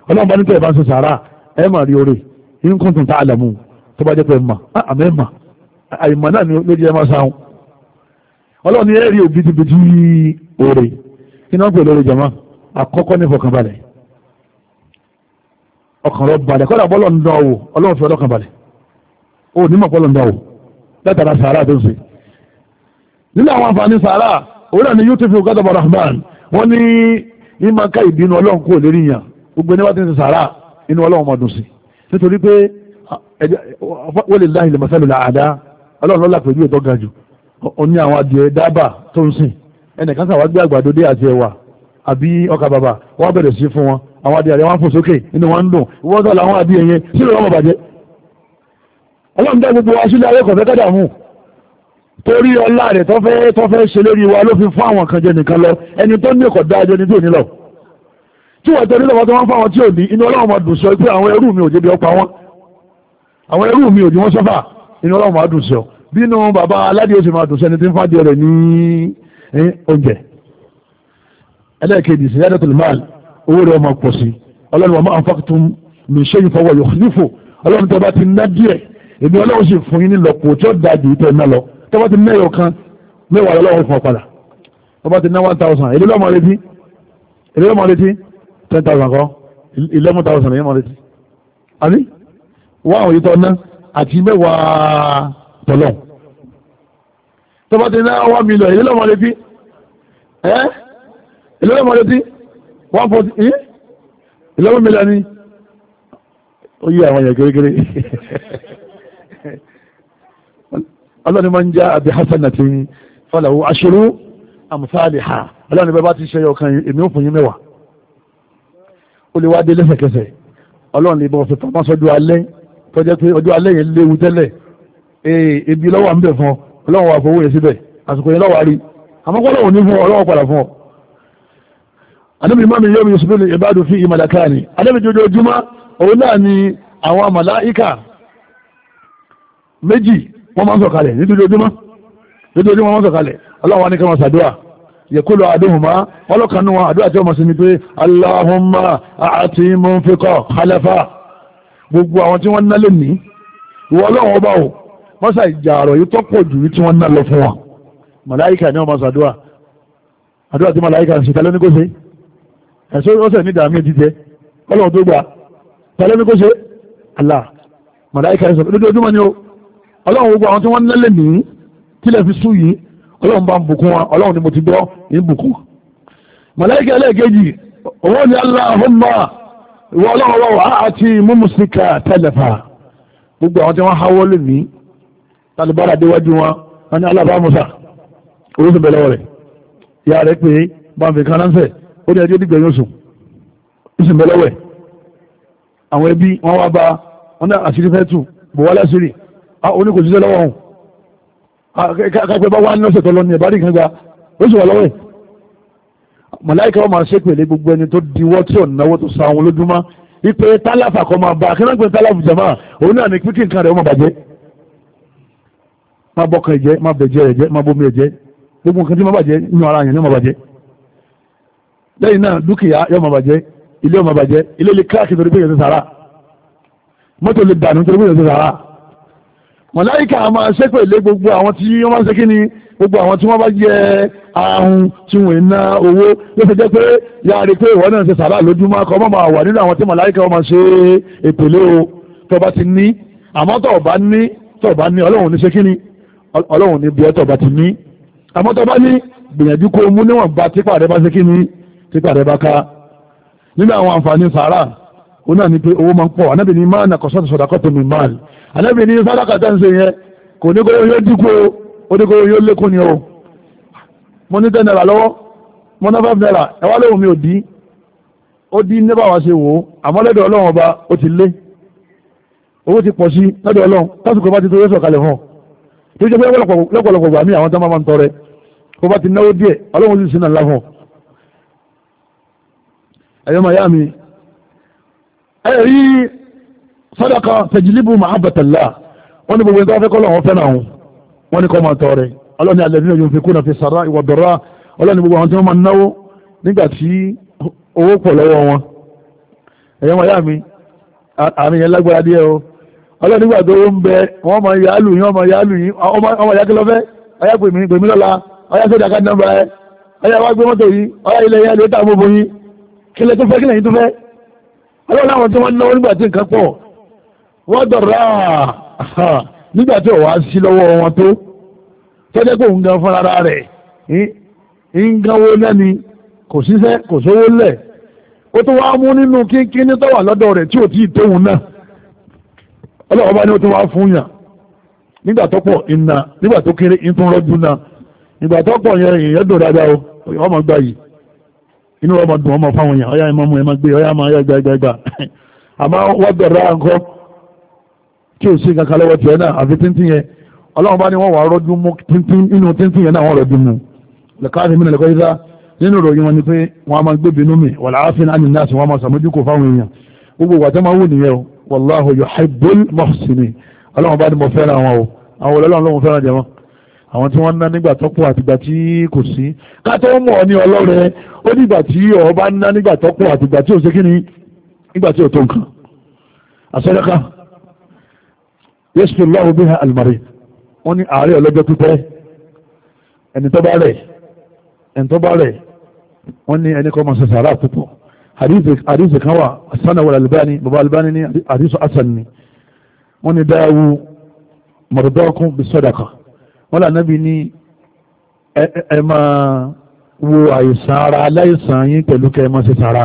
ọlọ́run bá ní tẹ̀lé bá ń ṣe sàrà ẹ̀ mà rí orí in kuntum ta'lamun tó bá jẹ́ pé mà ah, àmẹ́ mà àyìnmà náà ni ló jẹ́ máa sáwọn ọlọ́run ni ẹ̀rí òbítíbitì orí iná pè lórí jama àkọ́kọ́ ní fọkànbalẹ̀ ọkàn rẹ̀ balẹ̀ kọ́dà látara sàárà tó ṣe nínú àwọn àǹfààní sàárà òwúrọ̀ ni yóò tó fi ọgọ́dọ̀ bọ̀ rahman wọ́n ní ìmọ̀ ká ìbínú ọlọ́run kúrò lérí yàn gbogbo ẹni wá ti ń sàárà inú ọlọ́run máa dùn sí nítorí pé wọ́n lè láhìlì masalu làádá ọlọ́run lọ́la pẹ̀lú ètò ga jù ó ní àwọn adìẹ dábà tó ń sìn ẹnìkan sàwá gbé àgbàdo dé àti ẹ̀wà àbí ọkà bàbà wọ́n bẹ̀rẹ̀ sí fún wọn àwọn adìẹ rẹ̀ wọ́n fò sókè inú wọn ń dùn wọ́n sọ̀rọ̀ ọlọ́run dá gbogbo wa sílẹ̀ ayé kọ̀fẹ́ kádàmú torí ọlá rẹ̀ tó fẹ́ ṣe lórí wa ló fi fún àwọn kan jẹ nìkan lọ ẹni tó ní ẹ̀kọ́ dájọ́ ni tí ò ní lọ tí wọ́n tẹ̀lé lọ́wọ́ tó wọ́n fáwọn tí ò ní inú ọlọ́run máa dùn sí pé àwọn ẹrú mi ò débi ọpa wọn àwọn ẹrú mi ò ní wọ́n sọ́fà inú ọlọ́run máa dùn sí ọ bínú bàbá aládìí ó sì máa dùn sí ẹni tí ń fàdí rẹ̀ ní oúnjẹ ẹlẹ́ẹ̀kejì sí yàtọ̀ mal owó rẹ̀ ọmọ pọ̀ sí ọlọ́run wa ma anfaqtum min shay'in fahuwa yukhlifuh ọlọ́run tó bá ti ná díẹ̀ èmi ọlọ́run sì fún yín nílọ́pọ̀ tí ó da jù tẹ̀ náà lọ tọ́ba ti mẹ́yọ̀ kan mẹ́wàá lọ́wọ́ fún ọ padà tọ́ba ti ná one thousand èlé lọ́mọ retí èlé lọ́mọ retí ten thousand kọ́ eleven thousand èyí mọ̀ retí àbí wọ́n àwọn yìí tọ́ ná àti mẹ́wàá tọ́lọ̀ tọ́ba ti ná one million èlé lọ́mọ retí ẹ́ èlé lọ́mọ retí one forty ẹ́ eleven million ni ó yí àwọn yẹn kéré kéré. [LAUGHS] ọlọ́ni máa ń já àbí hasanatin falahu aṣírú àmúfàlìhà ọlọ́ni bẹ́ẹ̀ bá ti ṣe ọkàn èmi ò fún yín mẹ́wàá ó lè wá dé lẹ́sẹ̀kẹsẹ̀ ọlọ́ni ìbọn fi pamọ́ sọ́jọ́ alẹ́ tó jẹ́ pé ọjọ́ alẹ́ yẹn léwu tẹ́lẹ̀ ee ebi lọ́wọ́ à ń bẹ̀ fún ọ wà fowó yẹn síbẹ̀ àsìkò yẹn lọ́wọ́ àrí àmọ́ ní fún ọlọ́wọ́ padà fún ọ. àdébí mami fi ìmàlàkà ni àdébí jojoojúmọ́ òun náà ni àwọn màláíkà wọ́n máa ń sọ̀kalẹ̀ nítorí ojúmọ́ nítorí wọ́n máa ń sọ̀kalẹ̀ Allah wa ní kẹwọn sàdúrà yẹkúlọ àdéhùnmá ọlọ́kanú wa àdúrà tí wọ́n máa ṣe ni pé Allahumma àti mọ́nfẹ́kọ̀ khalafa gbogbo àwọn tí wọ́n ná lè ní ìwọ ọlọ́run ọba o wọ́n sà ìjà àrọ̀ yìí tọ́pọ̀ jù tí wọ́n ná lọ fún wa màláìkà ni wọ́n máa sàdúrà àdúrà tí màláìkà ń sọ lójoojúmọ́ ni ọlọ́run gbogbo àwọn tí wọ́n nílẹ̀ ní tílẹ̀ fi sú yìí ọlọ́run bá ń bùkún wọn ọlọ́run ni mo ti gbọ́ ní bùkún wọn. màláíkà ẹlẹ́ẹ̀kejì òun ni aláhùnmá ìwọ ọlọ́run wà wá àti mímúsíkà tẹlẹfà gbogbo àwọn tí wọ́n háwọ́ lè ní talibara déwájú wọn wọn ni alábàámusa owó ti bẹ̀rẹ̀ rẹ̀ ìyá rẹ̀ pé bàǹfẹ̀ kan ránṣẹ́ ó ní ẹjọ́ dìgbẹ̀yìn oṣù ó sì bẹ̀rẹ̀ wẹ̀ àwọn ẹbí wọn wá bá wọn ní àṣírí fẹ́ tù bùwálá sírì oní ah, kò ṣiṣẹ́ lọ́wọ́ ọ̀hún ah, kápẹ́ bá wà ní ọ̀sẹ̀ tó lọ ní ẹ̀bá rí kan gba ó sì gbogbo sa àwọn ipe tálàfà kan máa bá akínà pé tálàfù jàmá òun náà ní pínpín nǹkan rẹ̀ ó máa bàjẹ́ máa bọ́kàn ẹ̀jẹ̀ máa bẹ̀jẹ̀ ẹ̀jẹ̀ máa bómi ẹ̀jẹ̀ gbogbo nǹkan tí máa bàjẹ́ inú ara yẹn ní máa bàjẹ́ lẹ́yìn náà dúkìá yóò máa bàjẹ́ ilé ó bàjẹ́ ilé lè kíláàkì torí pé yẹn ti sàrà mọ́tò lè dànù torí pé yẹn ti sàrà mọ̀láyíkà a máa ṣépè lé gbogbo àwọn tí wọ́n máa ń ṣe kí ni gbogbo àwọn tí wọ́n bá jẹ ahun tí wọ́n ná owó ló fi jẹ́ pé yáa rí i pé ìwọ náà ṣe sàrà lójúmọ́ kọ́ mọ́ máa wà nínú àwọn tí mọ̀láyíkà wọ́n máa ṣe èpèlé o tó bá ti ní àmọ́ tó bá ní tó bá ní ọlọ́run ní ṣe kí ni ọlọ́run ní bí ẹ tó bá ti ní àmọ́ tó bá ní gbìyànjú kó mú níwọ̀n bá tipa bá ṣe kí ni tipa rẹ bá ká nínú àwọn àǹfààní sàrà ó náà ní pé owó máa ń pọ̀ anábì ní máa nà kọ̀sọ́tù sọ̀dàkọ́ tó mi máa lì anábì ní sádàkà tá ń ṣe yẹn kò ní kóró yóò dínkù o ó ní kóró yóò lékún ni o mo ní ten naira lọ́wọ́ mo ná five naira ẹ wá lóhùn mi ò dín ó dín ní báwa ṣe wò ó àmọ́ lọ́dọ̀ ọlọ́run ọba ó ti lé owó ti pọ̀ sí lọ́dọ̀ ọlọ́run tásìkò bá ti tó yẹ sọ̀kalẹ̀ hàn tó jẹ́ pé lọ́pọ̀lọpọ̀ gbà mí àwọn tó máa ń tọrẹ kó bá ti náwó díẹ̀ ọlọ́run sì sínú àlá hàn ẹ̀yọ́ màyá mi ẹ̀rí sọ́dọ̀kọ tẹ̀jìlíbù mahabbatala wọ́n ní gbogbo ìtọ́fẹ́ kọ́lọ̀ wọn fẹ́ràn àwọn wọ́n ní kọ́ máa tọrẹ ọlọ́ni alẹ́ nínú yóò fi kúnà fi sàrà ìwà dọ̀rà ọlọ́ni gbogbo àwọn tí wọ́n máa náwó nígbà tí owó pọ̀ ya wọn ya wọn yá mi àárín yẹn lágbára o ọlọ́ni nígbà tó ń bẹ wọ́n máa yá lù yín wọ́n máa lù yín pè mí ẹ wọ́n láwọn tí wọ́n náwó nígbà tí nǹkan pọ̀ wọ́n dọ̀rọ̀ nígbà tí òwá sí lọ́wọ́ wọn tó tọ́jẹ́ pé òun gan fúnra rẹ̀ ń gánwó lẹ́ni kò síṣẹ́ kò sówó lẹ̀ ó tó wá mú nínú kínkín ní tọ́wà lọ́dọ̀ rẹ̀ tí ò tí ì tóun náà ọlọ́wọ́ bá ní ó tó wá fún yàn nígbà tó pọ̀ ìnà nígbà tó kéré ìtúnrọ́dún náà ìgbà tó pọ̀ yẹn ìyẹn dò dáadáa o ọmọ gbà yìí inú ọmọ dùn ọmọ fáwọn èèyàn ọyá ìmọ̀mù ẹ̀mọ́ gbé ọyá máa yọ gbẹgbẹgbà [LAUGHS] àmọ́ wọ́n bẹ̀rẹ̀ àǹkọ́ tí ò sí kankan lọ́wọ́ tiẹ̀ náà àfi tíntín yẹn ọlọ́run bá ní wọ́n wà rọ́jú mú tíntín inú tíntín yẹn náà wọ́n rọ́jú mú lẹ́kàáfin mi lẹ́kọ́ yíṣá nínú ìròyìn wọn ni pé wọ́n á máa gbé bínú mi wàlá áfin ánì náà sì wọ́n máa sàmójú kò fáwọn èèyàn gbogbo wà tó máa wù nìyẹn o wàláhù yuhibbul muhsinin ọlọ́run bá ní mo fẹ́ràn àwọn o àwọn olólùwọ́n ló mo fẹ́ràn jẹ́ wọn àwọn tí wọ́n ná nígbà tọ́pọ̀ àtìgbà tí kò sí ká tó mọ̀ ọ́ ní ọlọ́rẹ ó nígbà tí ọ̀ bá ná nígbà tọ́pọ̀ àtìgbà tí ò ṣe kíni nígbà tí ò tó nǹkan àṣẹlẹ́ka yéṣu lọ́wọ́ bí àlùmọ́rẹ́ wọ́n ní ààrẹ ọlọ́jọ́ pípẹ́ ẹni tó bá rẹ̀ ẹni tó bá rẹ̀ wọ́n ní ẹni kọ́ máa ṣe sàárà púpọ̀ àdìsí kan wà sanawó Albani bàbá Albani ní àdìsí asan ni wọ́n ní dáwù mọ̀rọ̀dọ́kùn bí sọ́dàkàn wọ́n lànàbí ní ẹ máa wo àìsàn ara aláìsàn yín pẹ̀lú kẹ́ ẹ máa ṣe sàrà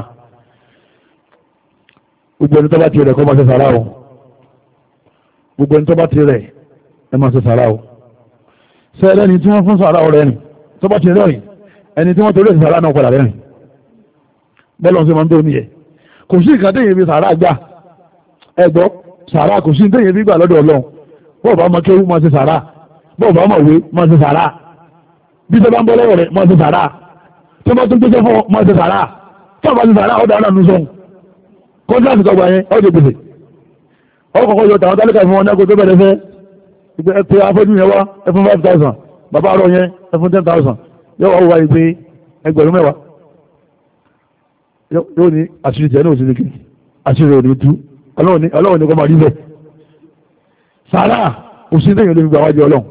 gbogbo ẹni tó bá ti rẹ̀ kó máa ṣe sàrà o gbogbo ẹni tó bá ti rẹ̀ ẹ máa ṣe sàrà o ṣe ẹlẹ́ni tí wọ́n fún sàrà ọ̀rẹ́ ni tó bá ti rẹ̀ ọ̀yìn ẹni tí wọ́n torí ẹ̀sìn sàrà náà padà rẹ̀ rìn bọ́lá ń ṣe máa ń tó níyẹ kò sí nǹkan téèyàn fi sàrà gbà ẹgbọ́ sàrà kò sí téèyàn fi gbà lọ́dọ̀ ọlọ́run wọ́n bá máa kéwú máa ṣe sàrà bó bá mọ̀ wé máa ṣe sàrà bí tó bá ń bọ́ lọ́wọ́ rẹ̀ máa ṣe sàrà tó bá tún gbéṣẹ́ fún ọ máa ṣe sàrà tó bá ṣe sàrà ọ̀dà ọ̀nà nùsọ̀n kọ́ńtàkì tọgbà yẹn ọ̀dẹ̀ gbèsè ọkọ̀ọ̀kọ̀ yọ tàwọn tálíkà fún ọ̀nà kó tó bẹ̀rẹ̀ fẹ́ ẹ pé afọ́jú yẹn wá ẹ fún five thousand bàbá àrọ̀ yẹn ẹ fún ten thousand yóò wá wá ìgbé ẹgbẹ̀rún mẹ́wàá yóò ní àṣírí tẹ̀ ní òṣèlú kìí àṣírí òní tú ọlọ́run ní kọ́ máa rí bẹ́ẹ̀ sàrà òṣèlú yẹn ló fi gbà wájú ọlọ́run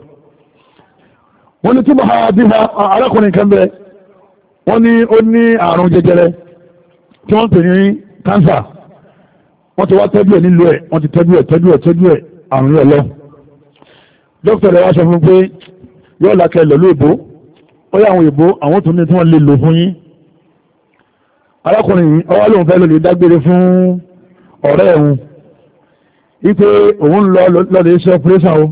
wọ́n ní tí mo ha bí ha arákùnrin kan bẹ wọ́n ní ó ní àrùn jẹjẹrẹ tí wọ́n ń pè ní kánsà wọ́n ti wá tẹ́jú ẹ̀ nílò ẹ̀ wọ́n ti tẹ́jú ẹ̀ tẹ́jú ẹ̀ tẹ́jú ẹ̀ àrùn rẹ̀ lọ. dókítà rẹ̀ wá sọ fún pé yóò lákẹ́ lọ́lú ìbò ó yá àwọn ìbò àwọn tó ní tí wọ́n lè lò fún yín. arákùnrin ọwọ́ lòun fẹ́ lòlè dágbére fún ọ̀rẹ́ òun wípé òun lọ lọ́lẹ̀ o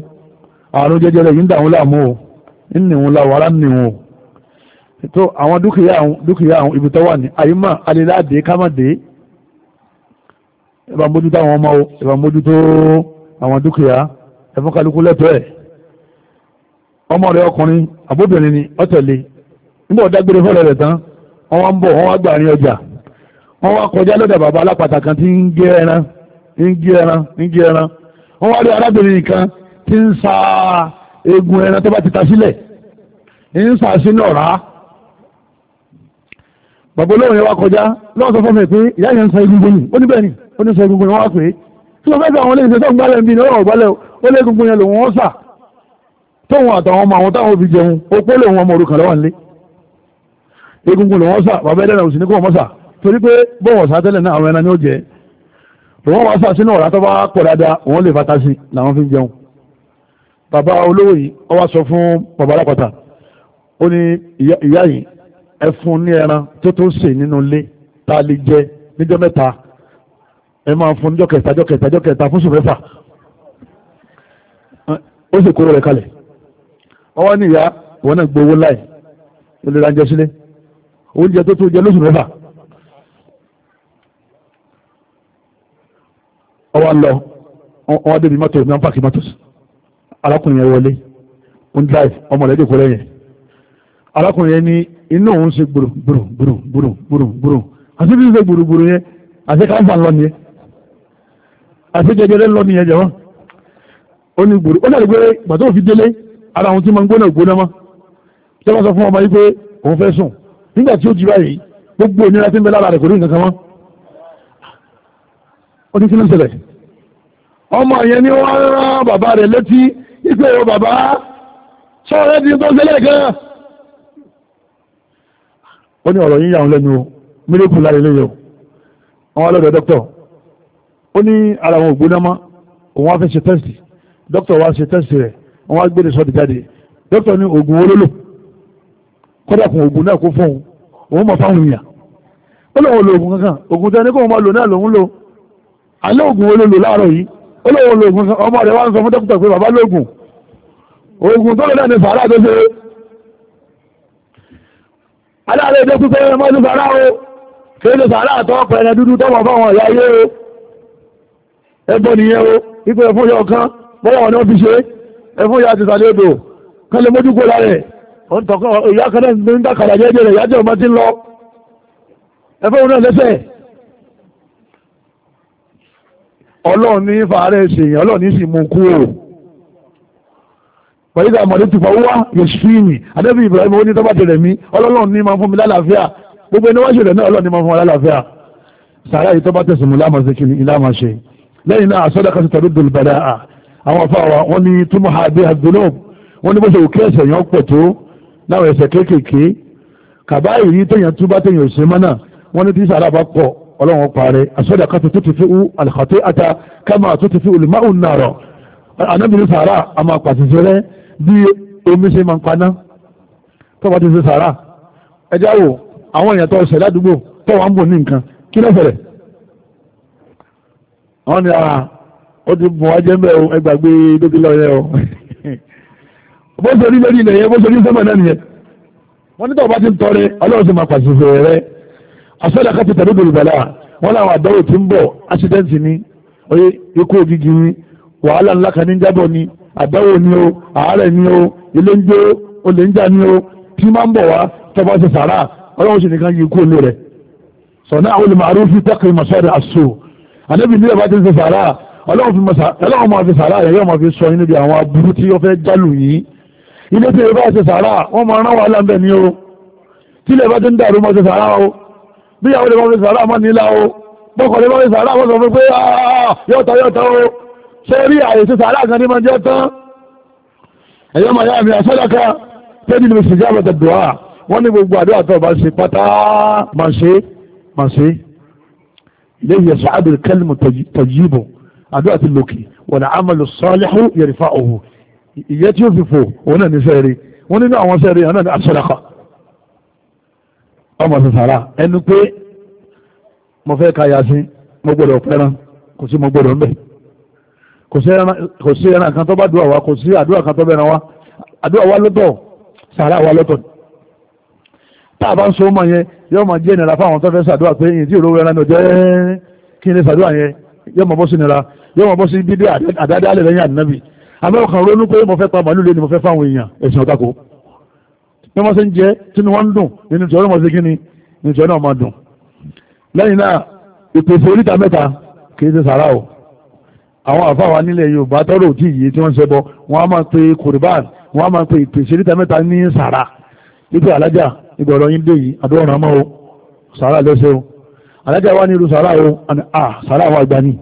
àrùn jẹjẹrẹ yìí nínú láwárá nínú tó àwọn dúkìá àwọn dúkìá àwọn ibi tó wà ní àyímà alẹ́láàdé kámàdé ẹbà mójútó àwọn ọmọ o ẹbà mójútó àwọn dúkìá ẹfún kálukú lẹ́tọ́ ẹ̀ ọmọ rẹ ọkùnrin àbóbìnrin ni ọ̀tẹ̀lé nígbà ọ̀dágbére fọ́lẹ̀ rẹ̀ tán wọ́n wá ń bọ̀ wọ́n kọjá bàbá alápàtà kan tí ń gé ẹran ń gé ẹran ń gé ẹran wọ́n wá eegun ẹran tó bá ti ta sílẹ̀ ń sàṣínà ọ̀rá bàbá olóhùn yẹn wá kọjá lọ́wọ́ sọ fún mi pé ìyá yẹn ń sọ egungun ni ó ní bẹ́ẹ̀ ni ó ní sọ egungun ni wọ́n wá pé tí wọ́n fẹ́ bí àwọn olóyìn sẹ́sọ́ ń gbálẹ̀ ń bí ní ọ̀rọ̀ ọ̀gbálẹ̀ ó lé egungun yẹn lòun wọ́n sà tóun àtàwọn ọmọ àwọn táwọn òbí jẹun ó pé lòun ọmọ òrukàn lọ́wọ́ nílé egungun lòun wọ́n sà bàbá ẹlẹ́nà òsì ní kó wọ́n sà torí pé bọ́wọ̀ sá bàbá olówó yìí ó wá sọ fún bàbá alápàtà ó ní ìyá yìí ẹ fún ní ẹran tó tó sè nínú ilé tá a lè jẹ níjọ́ mẹ́ta ẹ máa fún níjọ́ kẹta jọ́ kẹta jọ́ kẹta fún sùn ó sì kóró rẹ̀ kalẹ̀ ó wá ní ìyá ìwọ náà gbowó láì ló lè ra oúnjẹ sílé oúnjẹ tó tó jẹ lóṣù mẹ́fà ó wá lọ ó wá débi mọ́tò ìmọ̀ pàkì mọ́tò sí arákùnrin yẹn wọlé ń drive ọmọ rẹ̀ dèkó lẹ́yìn arákùnrin yẹn ní inú òun ṣe gbùrù gbùrù gbùrù gbùrù gbùrù gbùrù àti bí ń ṣe gbùrù gbùrù yẹn àti káńfà lọ nìyẹn àti jẹjẹrẹ lọ nìyẹn jẹ̀wọ́n ó ní gbùrù ó dàbí pé gbàtọ́ òfin délé ara àwọn tí máa ń gbóná gbóná mọ́ tí wọ́n sọ fún ọmọ yìí pé òun fẹ́ sùn nígbà tí ó jìrà yìí gbogbo ìnira tí ń bẹ lára rẹ̀ kò rí nǹkan kan mọ́ ó ní kí ìpè wọ bàbá sọ́ọ̀rẹ́ ti tó ṣẹlẹ̀ gan ó ní ọ̀rọ̀ yíyà òun lẹ́nu mílíkù lára ilé yẹn àwọn alọ́dọ̀ dọ́kítọ̀ ó ní ara wọn ògbóná mọ́ òun wá fẹ́ ṣe tẹ́sì dọ́kítọ̀ wá ṣe tẹ́sì rẹ̀ wọ́n wá gbé ní sọ́ọ̀dì jáde dọ́kítọ̀ ní oògùn olólò kọ́dà fún oògùn náà kó fóun òun mọ̀ fáwọn èèyàn ó lóun lo oògùn kankan oògùn tẹ́ ní kóun máa lò náà lòun lò alẹ́ oògùn olólò láàárọ̀ yìí olóòwò lògùn ọmọ rẹ̀ wá ń sọ fún dókítà pé bàbá lògùn oògùn tó lọ́dọ̀ ní sàárà tó ṣe aláàrẹ̀ èdè pípẹ́ ẹmọ́ ní sàárà o kéé ní sàárà tó pẹ̀lẹ̀ dúdú tọ́wọ̀ fáwọn ọ̀yá ayé o ẹgbọ́n nìyẹn o pípẹ́ fún yọ kan bọ́wọ̀ ní ọ́fíṣe ẹfún ya ti sàlẹ̀ odò kan lè mójú kó ọlọ́run ní fàárẹ̀ ṣèyàn ọlọ́run ní sì mú kú o pẹ̀lú àmọ̀dé ti fọwọ́ yẹ̀sùfíìnì adébí Ibrahim ó ní tọ́ba tẹ̀lẹ̀ mí ọlọ́run ní máa fún mi lálàáfíà gbogbo ẹni wọ́n ṣẹlẹ̀ náà ọlọ́run ní máa fún wa lálàáfíà sàárà yìí tọ́ba tẹ̀sùn mú lámàṣe kiri ìlàmàṣe lẹ́yìn náà àsọ́dá kan ti tẹ̀lé dolùbàdà à àwọn afọ àwa wọn ní túmọ̀ àbí àgbélò wọn ní bó ṣe òkè ẹ̀ṣẹ̀ yẹn pọ̀ tó láwọn ẹ̀ṣẹ̀ kéékèèké kàbáyìí téèyàn túbá téèyàn ò ọlọ́run parẹ́ àsọdà kan tó ti fi hu àlùkàtẹ́ ata kama tó ti fi olùmọ́ òun náà rọ̀ anábìrin sàrà a máa pàṣẹṣẹ rẹ bí omi ṣe máa ń paná tọ́ba ti ṣe sàrà ẹjá wo àwọn èèyàn tó ṣẹ̀ ládùúgbò tọ́wọ́ ń bò ní nǹkan kí ló fẹ̀rẹ̀ wọ́n ní ara ó ti bùn wájẹ́ mẹ́ o ẹgbàgbé dókítà ọ̀yẹ́ o bó ṣe rí lórí ilẹ̀ yẹn bó ṣe rí sọ́mọ̀ náà nìyẹn wọ́n ní tọ́ba ti ń tọrẹ ọlọ́run ti máa pàṣẹ rẹ asọ́dà ká ti tàbí gbòlùbàlà wọn làwọn àdáwò tí ń bọ̀ accident ni oye ikú òjijì ni wàhálà ńlá kan ní jábọ̀ ni àdáwò ni o àárẹ̀ ni o ilé ń jó olè ń jà ni o tí máa ń bọ̀ wá tọ́ba ṣe sàrà ọlọ́run sì nìkan yí ikú olè rẹ̀ sọ̀nà àwọn olùmọ̀ọ́rọ́ fi tẹ́kì mọ̀sọ́dà àṣọ àdébì ní ìyàbá ti ṣe sàrà ọlọ́run máa fi sàrà rẹ̀ máa fi sọ yín níbi àwọn aburú tí wọ́n fẹ́ jálù yín ilé tí ìyàbá ṣe sàrà wọ́n máa rán wàhálà ń bẹ̀ ni o tí ilé ìyàbá ti ń dàrú máa ṣe sàrà o bí àwọn ìlú ọmọdé sàrà mọ́ nílá o bọ́kọ̀ ìlú ọmọdé sàrà mọ́ sọ fún pé yọ̀tọ̀ ah, yọ̀tọ̀ o ṣé rí àyè sí sàrà kan ní máa jẹ́ tán ẹ̀yọ́ máa yá mi àsọ́dọ̀ká tẹ́lí ní oṣù jábọ̀ tẹ̀ dùn á wọ́n ní gbogbo àdúrà tó bá ṣe pátá máa ṣe máa ṣe léyìí ẹ̀sọ́ àdúrà kẹ́lìmù tọ̀jìbù àdúrà ti lòkè wọ̀nà àmàlù sọ́ọ́lẹ́hù yẹ̀rìfà òhù ìyẹ́ tí ó fi fò òun náà ní sẹ́ẹ̀rì wọ́n nínú àwọn sẹ́ẹ̀rì àwọn náà ní àsọ́dọ̀ká ọmọ sí sàrà ẹnu pé mo fẹ́ ka yasin mo gbọ́dọ̀ pẹ́ran kò sí mo gbọ́dọ̀ ńbẹ̀ kò sí ẹran kan tó bá dùn àwa kò sí àdúrà kan tó bẹ̀rẹ̀ wa àdúrà wa lọ́tọ̀ sàrà wa lọ́tọ̀ tá a bá ń so mọ̀ yẹn yóò máa jẹ́ ìnira fáwọn tó fẹ́ sàdúrà pé èyí tí ìró ẹran náà jẹ́ kí ni sàdúrà yẹn yóò máa bọ́ sí ìnira yóò máa bọ́ sí bídí àdáadáa lẹ́yìn ànábì àmọ́ ọkàn ronú pé mo fẹ́ pa màálù lé ni mo fẹ́ fáwọn èèyàn ẹ̀sìn ọ̀tàkùn bí wọ́n ṣe ń jẹ́ tí wọ́n ń dùn nínú ìjọ náà ṣe kí ni nínú ìjọ náà máa dùn lẹ́yìn náà ìpèsè oríta mẹ́ta kì í ṣe sàrà o àwọn àfáwà nílẹ̀ Yorùbá tọ́rọ̀ òjì yìí tí wọ́n ń ṣẹbọ wọ́n á máa pe kùrìbán wọ́n á máa pe ìpèsè oríta mẹ́ta ní sàrà wípé alájà ìgbọ̀rọ̀ yín dé yìí àdúrà ọ̀nà mọ́ o sàrà lọ́sẹ̀ o alájà wa ní irú sàrà o ah sàrà àwọn àgbà ni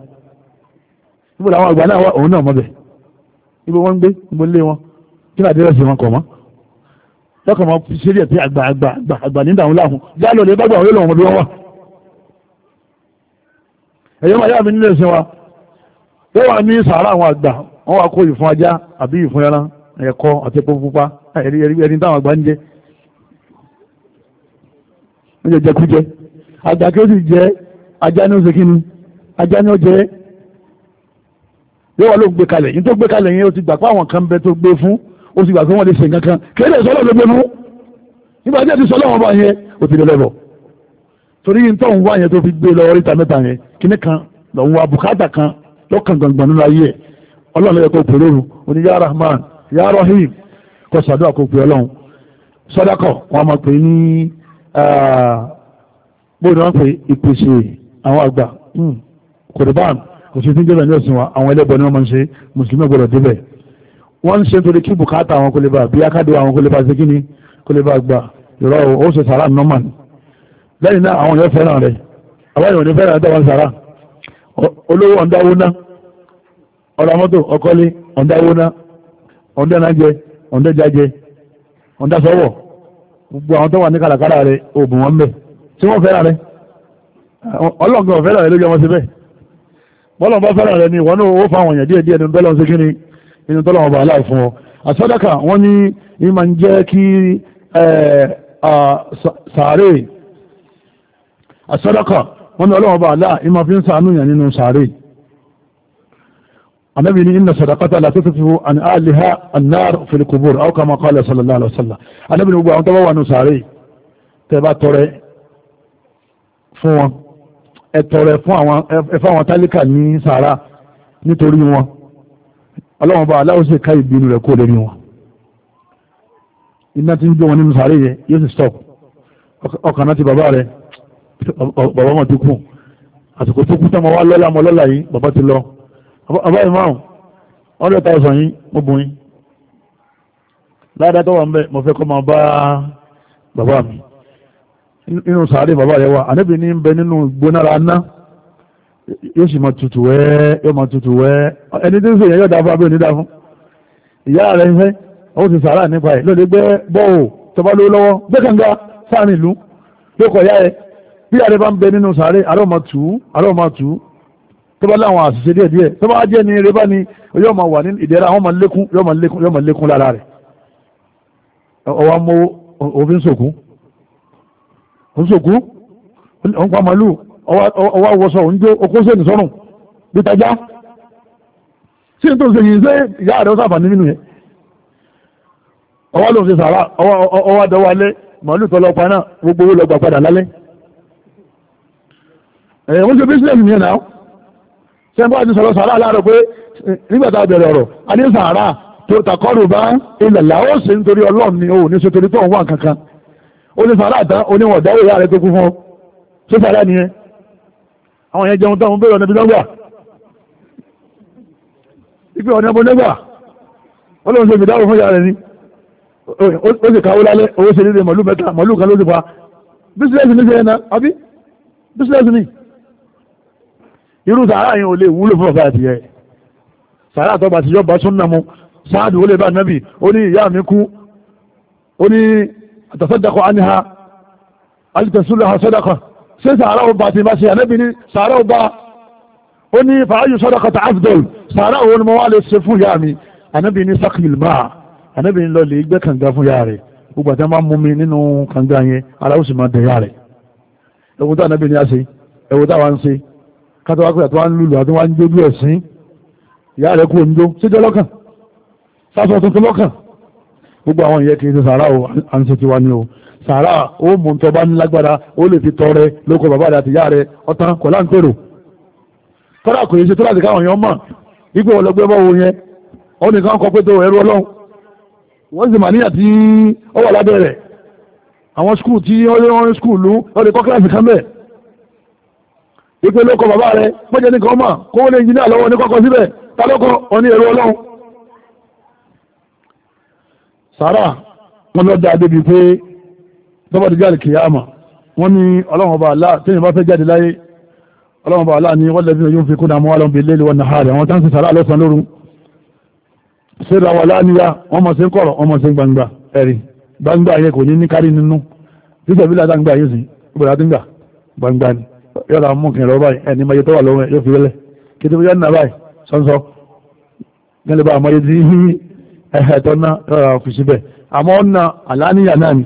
níbo làwọn àgbà náà wà òun náà mọ́ tọkàn máa fi ṣeré ẹ̀pẹ́ àgbà àgbà àgbà àgbà nígbà wọn láhùn já lọ lè bá gbà wọn lọ́wọ́ bí wọ́n wà. ẹ̀yọ́ máa yá mi nílé ẹ̀sìn wa yóò wà ní sàárà àwọn àgbà wọn wà kó ìfun ajá àbí ìfun ẹran ẹ̀kọ àti epo pupa ẹni táwọn àgbà ń jẹ ń jẹ jẹkújẹ àgbà kí ó sì jẹ ajá ní oṣù kínní ajá ní ó yóò wà ló gbé kalẹ̀ yín tó gbé kalẹ̀ yín ó ti gbà pé àwọn kan bẹ tó gbé fún ó sì gbà pé wọ́n lè ṣe nǹkan kan kéde ìsọ́lọ́ ló gbénú nígbà tí ẹ ti sọ lọ́wọ́ bá yẹn ó ti lọ́lẹ́bọ̀ torí yìí tóun wá yẹn tó fi gbé lọ oríta mẹ́ta yẹn kíní kan lòun wa bùkátà kan lọ́kàn gbọ̀ngbọ̀n nínú ayé ẹ̀ ọlọ́run ló kó pèrè òru oní ya rahman ya rahim kó sàdúrà kó pè ọlọ́run sọ́dákọ̀ wọn máa pè ní bóyá wọn pè ìpèsè àwọn àgbà hmm. kòtòbáàn kò ní ọ̀sìn wa àwọn ẹlẹ́bọ̀ ni wọ́n máa ń ṣe mùsùlùmí gbọ́dọ̀ débẹ̀ wọ́n ń ṣe nítorí kí bùkátà àwọn kò bí akádé àwọn kò ṣe kí ni kò lè bá gbà ìrọ̀ ó ṣe sàrà nọ́mà ni lẹ́yìn náà àwọn èèyàn fẹ́ràn rẹ̀ àwọn èèyàn fẹ́ràn rẹ̀ dáwọn sàrà olówó ọ̀ndáwó ná ọ̀rọ̀ mọ́tò ọkọ́lé ọ̀ndáwó ná ọ̀ndẹ́nàjẹ ọ̀ndẹ́jàjẹ ọ̀ndásọ́wọ̀ gbogbo àwọn tó wà ní kàràkàrà rẹ̀ òògùn wọn wọ́n fẹ́ràn rẹ̀ bọ́lọ̀ bá fẹ́ràn rẹ̀ ni ìwọ náà ó fáwọn èèyàn díẹ̀ díẹ̀ ní bẹ́lọ̀ ń ṣe kí ni inú tọ́lọ̀ ọba aláà fún ọ àsọdọ́kà wọ́n ní ní máa ń jẹ́ kí sàárè àsọdọ́kà wọ́n ní ọlọ́wọ́ ọba aláà ní máa fi ń sàánú yàn nínú sàárè anabi ni inna sadaqata la tutfi'u an ahliha an-nar fi al-qubur aw kama qala sallallahu alaihi àwọn tó bá wà nù sàárè tẹ́ bá ọlọ́wọ́n bá aláwọ̀ sì ká ìbínú rẹ̀ kó lórí wọn iná tí ń jó wọn nínú sàárè yẹ yóò sì stop ọkàn náà ti bàbá rẹ̀ bàbá wọn ti kú àsìkò tó kú tọ́mọ wá lọ́la mọ́ lọ́la yìí bàbá ti lọ bàbá yìí márùn hundred thousand yìí mo bùn yín ládàá tó wà ń bẹ mo fẹ́ kọ́ máa bá bàbá mi nínú sàárè bàbá rẹ̀ wà àníbi ní ń bẹ nínú gbónára náà yóò sì máa tutù wẹ́ẹ́ yóò máa tutù wẹ́ẹ́ ẹni tí ń sèyàn yóò dáa fún abẹ́ onídàá fún ìyá rẹ̀ ń fẹ́ ó ti sàárà nípa ẹ̀ lóde gbẹ́ bọ́ọ̀ tọba lówó lọ́wọ́ gbẹ́kànga sáàrin ìlú yóò kọ̀ ya ẹ bí ààrẹ bá ń bẹ nínú sàárè àrọ́ máa tù ú àrọ́ máa tù ú tọba láwọn àṣìṣe díẹ̀ díẹ̀ tọba á jẹ́ ni eré bá ni yóò máa wà ní ìdẹ́ra àwọn máa lékún yóò máa lékún yóò máa lékún lára rẹ̀ ọwọ́ mo òfin sòkú òfin sòkú òǹkọ́ màlúù ọwọ́ àwọ̀sọ̀ òǹjọ́ okóṣe nìsọ́rùn bí tajá sí tó ṣe yìí ṣe ìyá rẹ̀ nínú yẹn ọwọ́ ló ṣe sàrà ọwọ́ ma alẹ́ màálù náà gbogbo owó lọ́gbà padà lálẹ́ ẹ̀yẹ̀ wọ́n bísíǹsì náà àti pé a a tó bá ilẹ̀ làwọn ọlọ́run ni òun ní torí tó ń wà kankan ó ní àwọn èèyàn jẹun táwọn bẹ̀rẹ̀ ọ̀nà ìbílọ́gbà ìpé ọ̀nà ìbọ̀lẹ́gbà ó lóun ṣe ìdáwò fún ìyá rẹ̀ ni ó sì káwó lálẹ́ owó ṣe nílé màlúù mẹ́ta màlúù kan ló ti pa bísílẹ̀sì ní sẹ́yìn náà àbí bísílẹ̀sì ní irú sàárà yẹn ò lè wúlò fún ọ̀gá àti ẹ̀ sàárà tó bá ti yọ bá súnnà mu sáàdù ó lè bá nábì ó ní ìyá mi kú ó ní àtàsọ́dàkọ̀ àníhà alìtẹ̀sùlẹ̀ àsọ́dàkọ̀ ṣé sàárà ọba ti bá ṣe ànábì ní sàárà ọba ó ní fàáyù sọ́dọ̀kọ̀tà afdol sàárà òun ni mo wá lè ṣe fún ìyá mi ànábì ní sakil ma ànábì ní lọlẹ̀ ìgbẹ́ kànga fún ìyá rẹ̀ gbogbo àti máa mú mi nínú kànga yẹn ara ó sì máa dẹ̀ ìyá rẹ̀ ẹ̀wọ̀n tó ànábì ní ṣe ẹ̀wọ̀n tó àwọn ṣe kátó wá pé àti wá lùlù àti wá jójú ẹ̀sìn ìyá rẹ̀ kú òǹjó síjọ́ lọ́kàn sásọ tuntun lọ́kàn gbogbo àwọn ìyẹn kì í ṣe sàárà o à ń ṣe tiwa ni o sàárà ó mú tó bá ní lágbára ó lè fi tọrẹ lóko bàbá rẹ àti rẹ ọ̀tán kọ̀ láǹtẹ̀rò tọ́lá kò yẹ ṣe tọ́lá ti káwọn èèyàn mọ̀ ipò ọlọgbẹ́ bọ́ wo yẹn ó nìkan kọ pé tó ẹrú ọlọ́run wọ́n sì kan bẹ́ẹ̀ ipe bàbá rẹ pẹ́jẹ́ nìkan mọ̀ kó lè tọ́bọ̀ ti jáde kìyàmà wọ́n ní ọlọ́run ọba aláà tí ìyẹn bá fẹ́ jáde láyé ọlọ́run ọba aláà ní wọ́n lẹ́bí yóò fi kúnnà mọ́ ọlọ́run bèlè wọn náà rẹ̀ wọ́n tán sì sàrà lọ́sàn lóru síra wà láàníyá wọ́n mọ̀ sí ń kọ̀rọ̀ wọ́n mọ̀ sí ni yọ̀dà mú kìnìún lọ́wọ́ báyìí ẹni mọ̀yẹ tó wà lọ́wọ́ yóò fi wẹ́lẹ̀ kété bí yọ̀nà báyìí àmọ́ ọ̀nà àlàníyà náà ni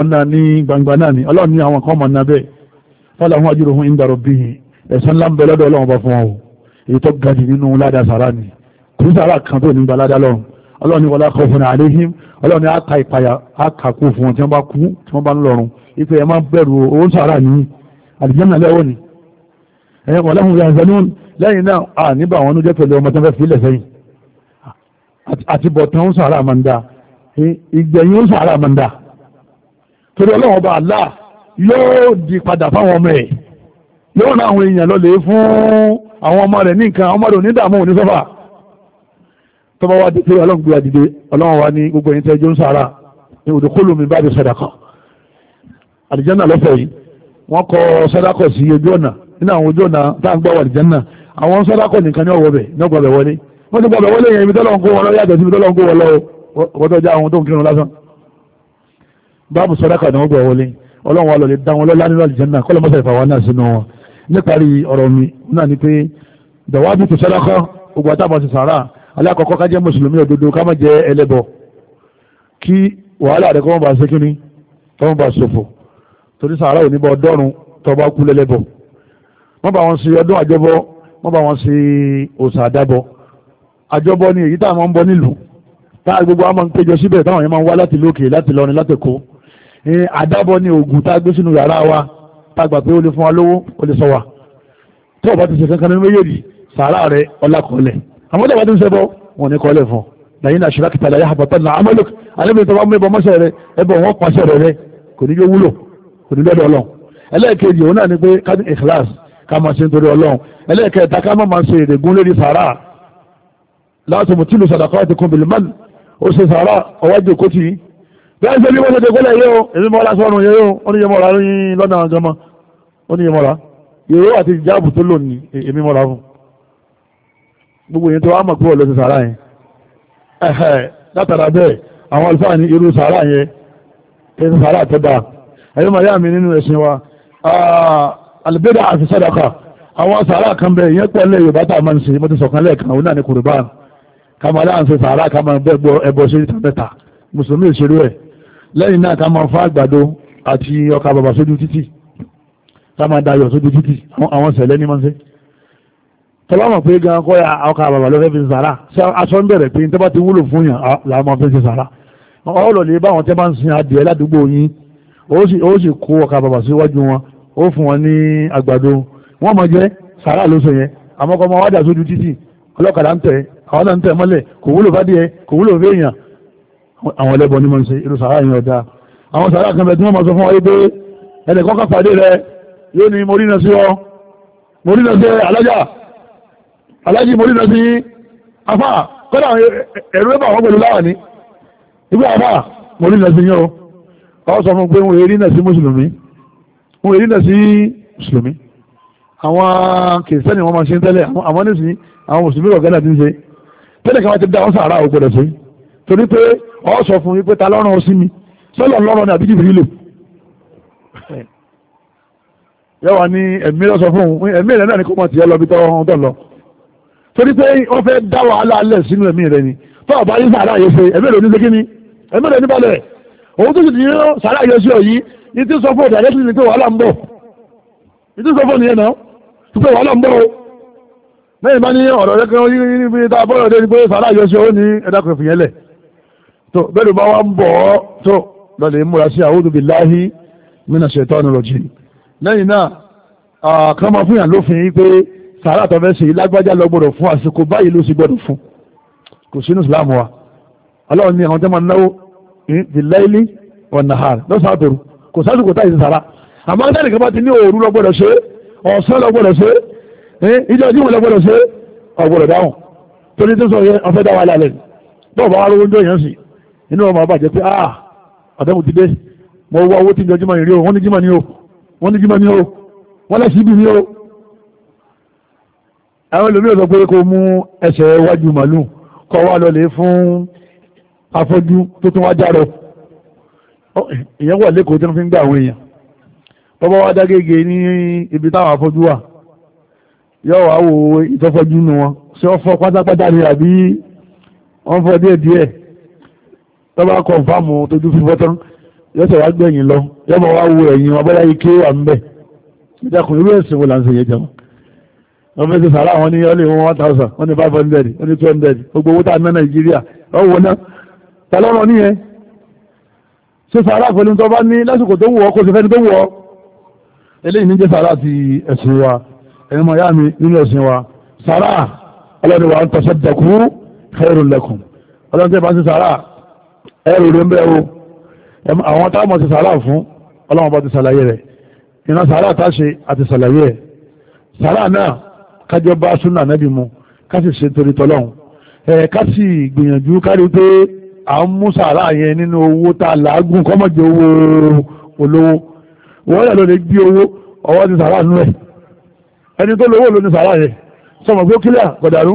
ọ̀nà ní gbangba náà ni ọlọ́run ní àwọn kan mọ̀ náà bẹ́ẹ̀ fọ́lá fún àjúrò fún ìdàrọ̀ bí i ẹ̀sán ńlá ń bẹ lọ́dọ̀ ọlọ́run bá fún ọ èyí tó ga jù nínú ládà sàrá ni kò sí sàrá kan tó ní gba ládà lọ́run ọlọ́run ní wọlá kọ fún àléhìm ọlọ́run ní àka ìpayà àka kú fún wọn tí wọ́n bá kú tí wọ́n bá ń lọ́run ipe ẹ̀ máa bẹ̀rù owó sàrá ni àdìjẹ́nà lẹ́wọ̀ ó sàrá àmàǹdà ìgbẹ̀yìn ó torí ọlọ́run ọba Allah yóò di padà fáwọn ọmọ ẹ̀ yóò ná àwọn èèyàn lọlẹ̀ fún àwọn ọmọ rẹ̀ ní nǹkan ọmọ rẹ̀ onídààmú òní sọ́fà tọ́ba wa dìde ọlọ́run gbé adìde ọlọ́run wa ní gbogbo ẹ̀yin tẹ́jọ́ ń sára ní odò kólú mi bá di sàdákà àlìjánà lọ́fẹ̀ yìí wọ́n kọ sàdákà sí ojú ọ̀nà nínú àwọn ojú ọ̀nà tá à ń gbọ́ wà àlìjánà àwọn sàdákà nìkan ní ọ̀wọ́ bẹ̀ ní ọgbà bẹ̀ wọlé wọ́n ti gbà bẹ̀ wọlé yẹn ibi tọ́lọ́ báàbù sàdákà ni wọ́n gbọ́ wọlé ọlọ́run alọ́lẹ̀ dá wọn lọ́lá nínú àlìjẹ́nà kọ́lọ́ mọ́sá ìfàwọn náà sínú wọn níparí ọ̀rọ̀ mi náà ni pé dàwádìí tó sàdákà ogun àtàbà ti sàrà alákọ̀ọ́kọ́ ká jẹ́ mùsùlùmí òdodo ká má jẹ́ ẹlẹ́bọ kí wàhálà rẹ̀ kọ́ wọn bá ṣe kíní kọ́ wọn bá ṣòfò torí sàrà ò ní bọ́ ọdọ́run bá kú lẹ́lẹ́bọ wọ́n bá wọn ṣe ọdún àjọbọ wọ́n bá wọn ṣe òòṣà àdábọ àjọbọ ni èyí táwọn ń bọ nílùú táwọn gbogbo àwọn máa ń péjọ síbẹ̀ táwọn yẹn máa ń wá láti lókè láti lọrin láti kó àdábọ̀ ni oògùn tá a gbé sínú yàrá wa tá a gbà pé ó lè fún wa lówó ó lè sọ wa tí ọba ti ṣe kankan nínú méjèèjì sàárà rẹ ọlá kọlẹ̀ àmọ́ tí ọba ti ń ṣẹbọ wọn ní kọlẹ̀ fún lẹ́yìn àṣírà kìtà lẹ́yìn àbàtà náà amẹ́lòk alẹ́bìnrin tó bá mú ẹbọ mọ́ṣẹ́ rẹ ẹbọ wọn pàṣẹ rẹ rẹ kò ní yóò wúlò kò ní lọ́dọ̀ ọlọ́run ẹlẹ́ẹ̀kejì òun náà ni pé kájú ìkìláàs ká máa ṣe nítorí ọlọ́run ẹlẹ́ẹ̀kẹta ká má máa ṣe ìrègùn lórí sàárà láti mú tìlù sàdàkọ́ àti kùnbìlì mọ́n ó ṣe sàárà ọwájú kòtì bẹ́ẹ̀ ṣe bí wọ́n ṣe tó kọ́lẹ̀ yóò èmi mọ́ lásán ọ̀run yóò ó ní yẹmọ́ra lóyìn lọ́nà gama ó ní yẹmọ́ra yóò àti jáàbù tó lò ní èmi mọ́ra fún gbogbo yẹn tó wá mọ̀ pé ọ̀lọ́ ti sàárà yẹn ẹ̀hẹ̀ látara bẹ́ẹ̀ àwọn alfáà ní irú sàárà yẹn irú sàárà tó dáa ẹ̀yọ́ màá yá mi nínú ẹ̀sìn wa ah, albeda àti sadaka àwọn sàárà kan bẹ́ẹ̀ yẹn pọ̀ lẹ́ yorùbá tá a máa ń ṣe mo ti sọ̀kan lẹ́ẹ̀kan òun náà ìṣerú ẹ̀ lẹ́yìn náà ká máa fá àgbàdo àti ọkà bàbà sójú títì ká máa dayọ̀ sójú títì àwọn sẹ̀lẹ̀ ní mọ́nsẹ́ tọ́lámọ̀ pé gan kọ́ ya ọkà bàbà ló fẹ́ fi sàrà ṣé aṣọ ń bẹ̀rẹ̀ pé tẹ́ bá ti wúlò fún yàn làwọn máa fẹ́ ṣe sàrà ọ̀rọ̀ lè bá àwọn tẹ́ bá ń sin adìẹ ládùúgbò yín ó sì kó ọkà bàbà síwájú wọn ó fún wọn ní àgbàdo wọ́n máa jẹ sàrà ló sọ àmọ́kọ́ máa wádà sójú títì ọlọ́kadà ń tẹ̀ àwọn náà ń tẹ̀ mọ́lẹ̀ kò wúlò fádìẹ kò wúlò fẹ́yàn àwọn ẹlẹ́bọn ní mọ́ ń ṣe irú sàárà yẹn ọ̀dá àwọn sàárà kan bẹ̀ tí wọ́n máa sọ fún ọ pé ẹnì kọ́kọ́ pàdé rẹ yóò ní mo rínà sí ọ mo rínà sí alájà alájì mo rínà sí afá kọ́dà ẹ̀rú ẹ̀bà wọn pẹ̀lú láwà ní ibi afá mo rínà sí yín o ọ sọ fún pé wọn rínà sí mùsùlùmí wọn rínà sí mùsùlùmí àwọn kìrìsìtẹ́nì wọn máa ṣe ń tẹ́lẹ̀ àwọn nísìnyí àwọn mùsùlùmí ọ̀gá ti ń ṣe tẹ́lẹ̀ kan wá ti dá wọn sàárà òkú rẹ̀ sí torí pé ọ sọ fún wípé ta lọ́rùn sí mi sọ́lọ̀ lọ́rùn ní àbíjì ìlú yẹ́wà ní ẹ̀mí lọ́sọ fún òun ẹ̀mí rẹ̀ náà ni kó mọ̀ tí ẹ lọ bí tọ́wọ́ tọ̀ lọ torí pé wọ́n fẹ́ dá wàhálà alẹ́ sínú ẹ̀mí rẹ̀ ni tó ọ̀bá yín sàárà yẹ ṣe ẹ̀mí rẹ̀ ní sékí ni ẹ̀mí rẹ̀ níbalẹ̀ òun tó sì ti yín sàárà yẹ ṣe òyí ní tí sọ fún òdà yẹ́sì ni pé wàhálà ń bọ̀ ní tí sọ fún nìyẹn náà ti pé wàhálà ń bọ̀ o lẹ́yìn bá ní ọ̀rọ̀ rẹ̀ kí wọ́n yí níbi tá a bọ́rọ̀ tó bẹ́ẹ̀ bá wá ń bọ̀ ọ́ tó lọ́lẹ̀ múra sí a'udhu billahi minash shaitani rajim lẹ́yìn náà kàn máa fún yàn lófin yìí pé sàárà tó fẹ́ ṣe yìí lágbájá lọ gbọ́dọ̀ fún àsìkò báyìí ló sì gbọ́dọ̀ fún kò sínú ìsìláàmù wa ọlọ́run ní àwọn tó máa náwó billaili wan nahar lọ́sàtòrò kò sásìkò táyì sàrà àmọ́ ẹ̀dá nìkan bá ti ní òru lọ gbọ́dọ̀ ṣe ọ̀sán lọ gbọ́dọ̀ ṣe ìjọ inú ọmọ àbájẹ́ pé ah àdẹ́mù ti dé mo wá owó tí ń jọ jímọ̀ ìrí o wọ́n ní jímọ̀ ní o wọ́n ní jímọ̀ ní o wọ́n lẹ́sí ibi ní o àwọn ẹlòmíràn sọ pé kò mú ẹsẹ̀ wájú màálù kọ́ wá lọlé fún afọ́jú tó tún wá járọ ìyẹn wà lẹ́kọ̀ọ́ tí wọ́n fi ń gbà àwọn èèyàn bọ́bá wá dá gègé ní ibi táwọn afọ́jú wà yóò wá wo ìtọ́fọ́jú nù wọn ṣé wọ́n fọ́ pátápátá ni àbí wọ́n fọ́ díẹ̀díẹ̀ tọ́ba kọ̀ fáàmù tójú fífọ́ tán yọ́sẹ̀ wá gbẹ̀yìn lọ yọ́mọ wá wo ẹ̀yìn ọbẹ̀lá yìí kí wà ń bẹ̀ ìjàkùn irú ẹ̀sìn wo là ń yẹn jẹun wọ́n fẹ́ sàrà wọn ní ọlẹ́ wọn one thousand wọ́n ní five hundred wọ́n ní two hundred gbogbo owó tá a ná nàìjíríà ọ̀wọ́ náà tàlọ́rọ̀ nìyẹn ṣe sàrà pẹ̀lú tó bá ní lásìkò tó wù ọ́ kó ṣe fẹ́ni tó wù ọ́ eléyìí ní jẹ́ sàrà ti ẹ̀sìn wa ẹrù rẹ̀ ń bẹ́ o àwọn táwọn ti sàárà fún ọlọ́wọ́n bá ti sàlàyé rẹ̀ iná sàárà táṣe àti sàlàyé ẹ̀ sàárà náà kájọ bá súnà nẹ́bí mu ká sì ṣe torí tọ́lọ́hún ẹ̀ ká sì gbìyànjú kárí pé à ń mú sàárà yẹn nínú owó tá a làágùn kọ́mọ̀jẹ owó olówó wọ́n yà ló lè gbé owó ọwọ́ ti sàárà nú ẹ̀ ẹni tó lówó ló ní sàárà yẹn sọmọ pé kílíà gọ̀dàrú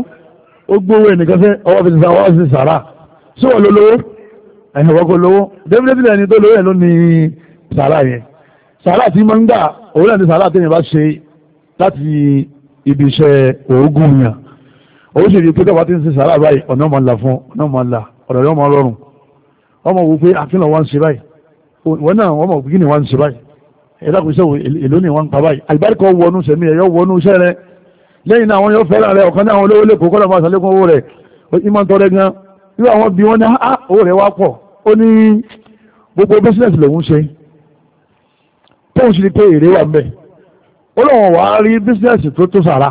ó gbówó ẹnìkan fẹ́ ọwọ́ fi ti sàárà sí wọ́n lólówó ẹ̀yìn ọ̀wọ́ kò lówó débìlẹ́bìlẹ́ ẹni tó lówó ẹ̀ ló ní sàárà yẹn sàárà tí mo ń gbà òun náà ni sàárà tẹ̀yìn bá ṣe láti ibi iṣẹ́ òógùn yàn òun sì rí pé tọ́wọ́ ti ń ṣe sàárà báyìí ọ̀nà ọmọ ńlá fún ọ̀nà ọmọ ńlá ọ̀rọ̀ yẹn ọmọ ọlọ́run ọmọ wo pé àfihàn wọn ṣe báyìí wọn náà wọn mọ̀ kí ni wọn ṣe báyìí ẹ̀dá kò sẹ́wọ̀ èlò ni wọn pa báyìí àlùbáríkà wọnú sẹ́mi ẹ̀yọ wọnú iṣẹ́ rẹ lẹ́yìn náà àwọn yóò fẹ́ràn rẹ ọ̀kan náà àwọn olówó lè kó kọ́ lọ́mọ àṣàlékún owó rẹ̀ ìmọ̀ ó ní gbogbo bísínẹ́sì lòun ṣe tóun sì ní pé èrè wà mbẹ ó lọ́wọ́n wàá rí bísínẹ́sì tó tó sàrà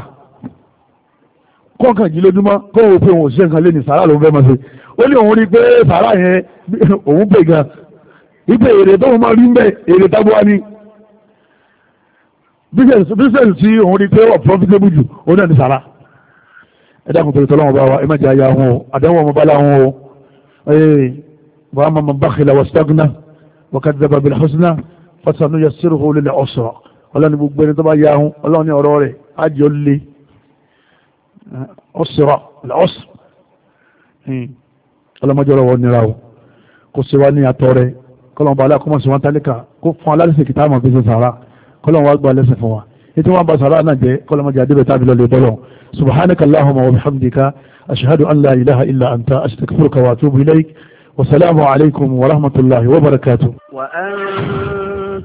kọ́kàn jí lójúmọ́ kó o pé òun òṣìṣẹ́ nǹkan lé ní sàrà lòun fẹ́ máa ṣe ó ní òun rí pé sàrà yẹn [LAUGHS] òun pè gan ipe èrè tóun máa rí mbẹ èrè tábúwa ni bísẹ̀sì tí òun rí pé wà profitable jù òun náà ní sàrà ẹ dákun pẹ̀lú tọ́lọ́wọ́n bá wa ẹ má jẹ́ àyà wọn o àdánwò ọmọ bá láwọn o. وأما من بخل واستغنى وكذب بالحسنى فسنيسره للعسرى ọlọ́run ní gbogbo ẹni tó bá yá ahun ọlọ́run ní ọ̀rọ̀ rẹ̀ ájọ lé ọ̀sọ̀rọ̀ lọ́sù ọlọ́mọdé ọ̀rọ̀ wọn nira o kò sí wa ní atọ́ rẹ̀ kọ́lọ́mọba aláàkọ́mọ̀ sí wọn tálíkà kó fún aláàlẹ́sẹ̀ kìtà àmọ̀ gbèsè sàrà kọ́lọ́mọba gba lẹ́sẹ̀ fún wa ètò wọn bá sàrà náà jẹ́ kọ́lọ́mọdé adébẹ̀ tábìlì ọ̀lẹ́ bọ́lọ̀ subhanaka allahumma wa bihamdika ashhadu an la ilaha illa anta astaghfiruka wa atubu ilayk والسلام عليكم ورحمة الله وبركاته وأن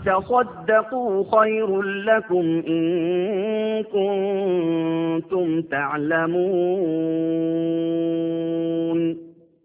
تصدقوا خير لكم إن كنتم تعلمون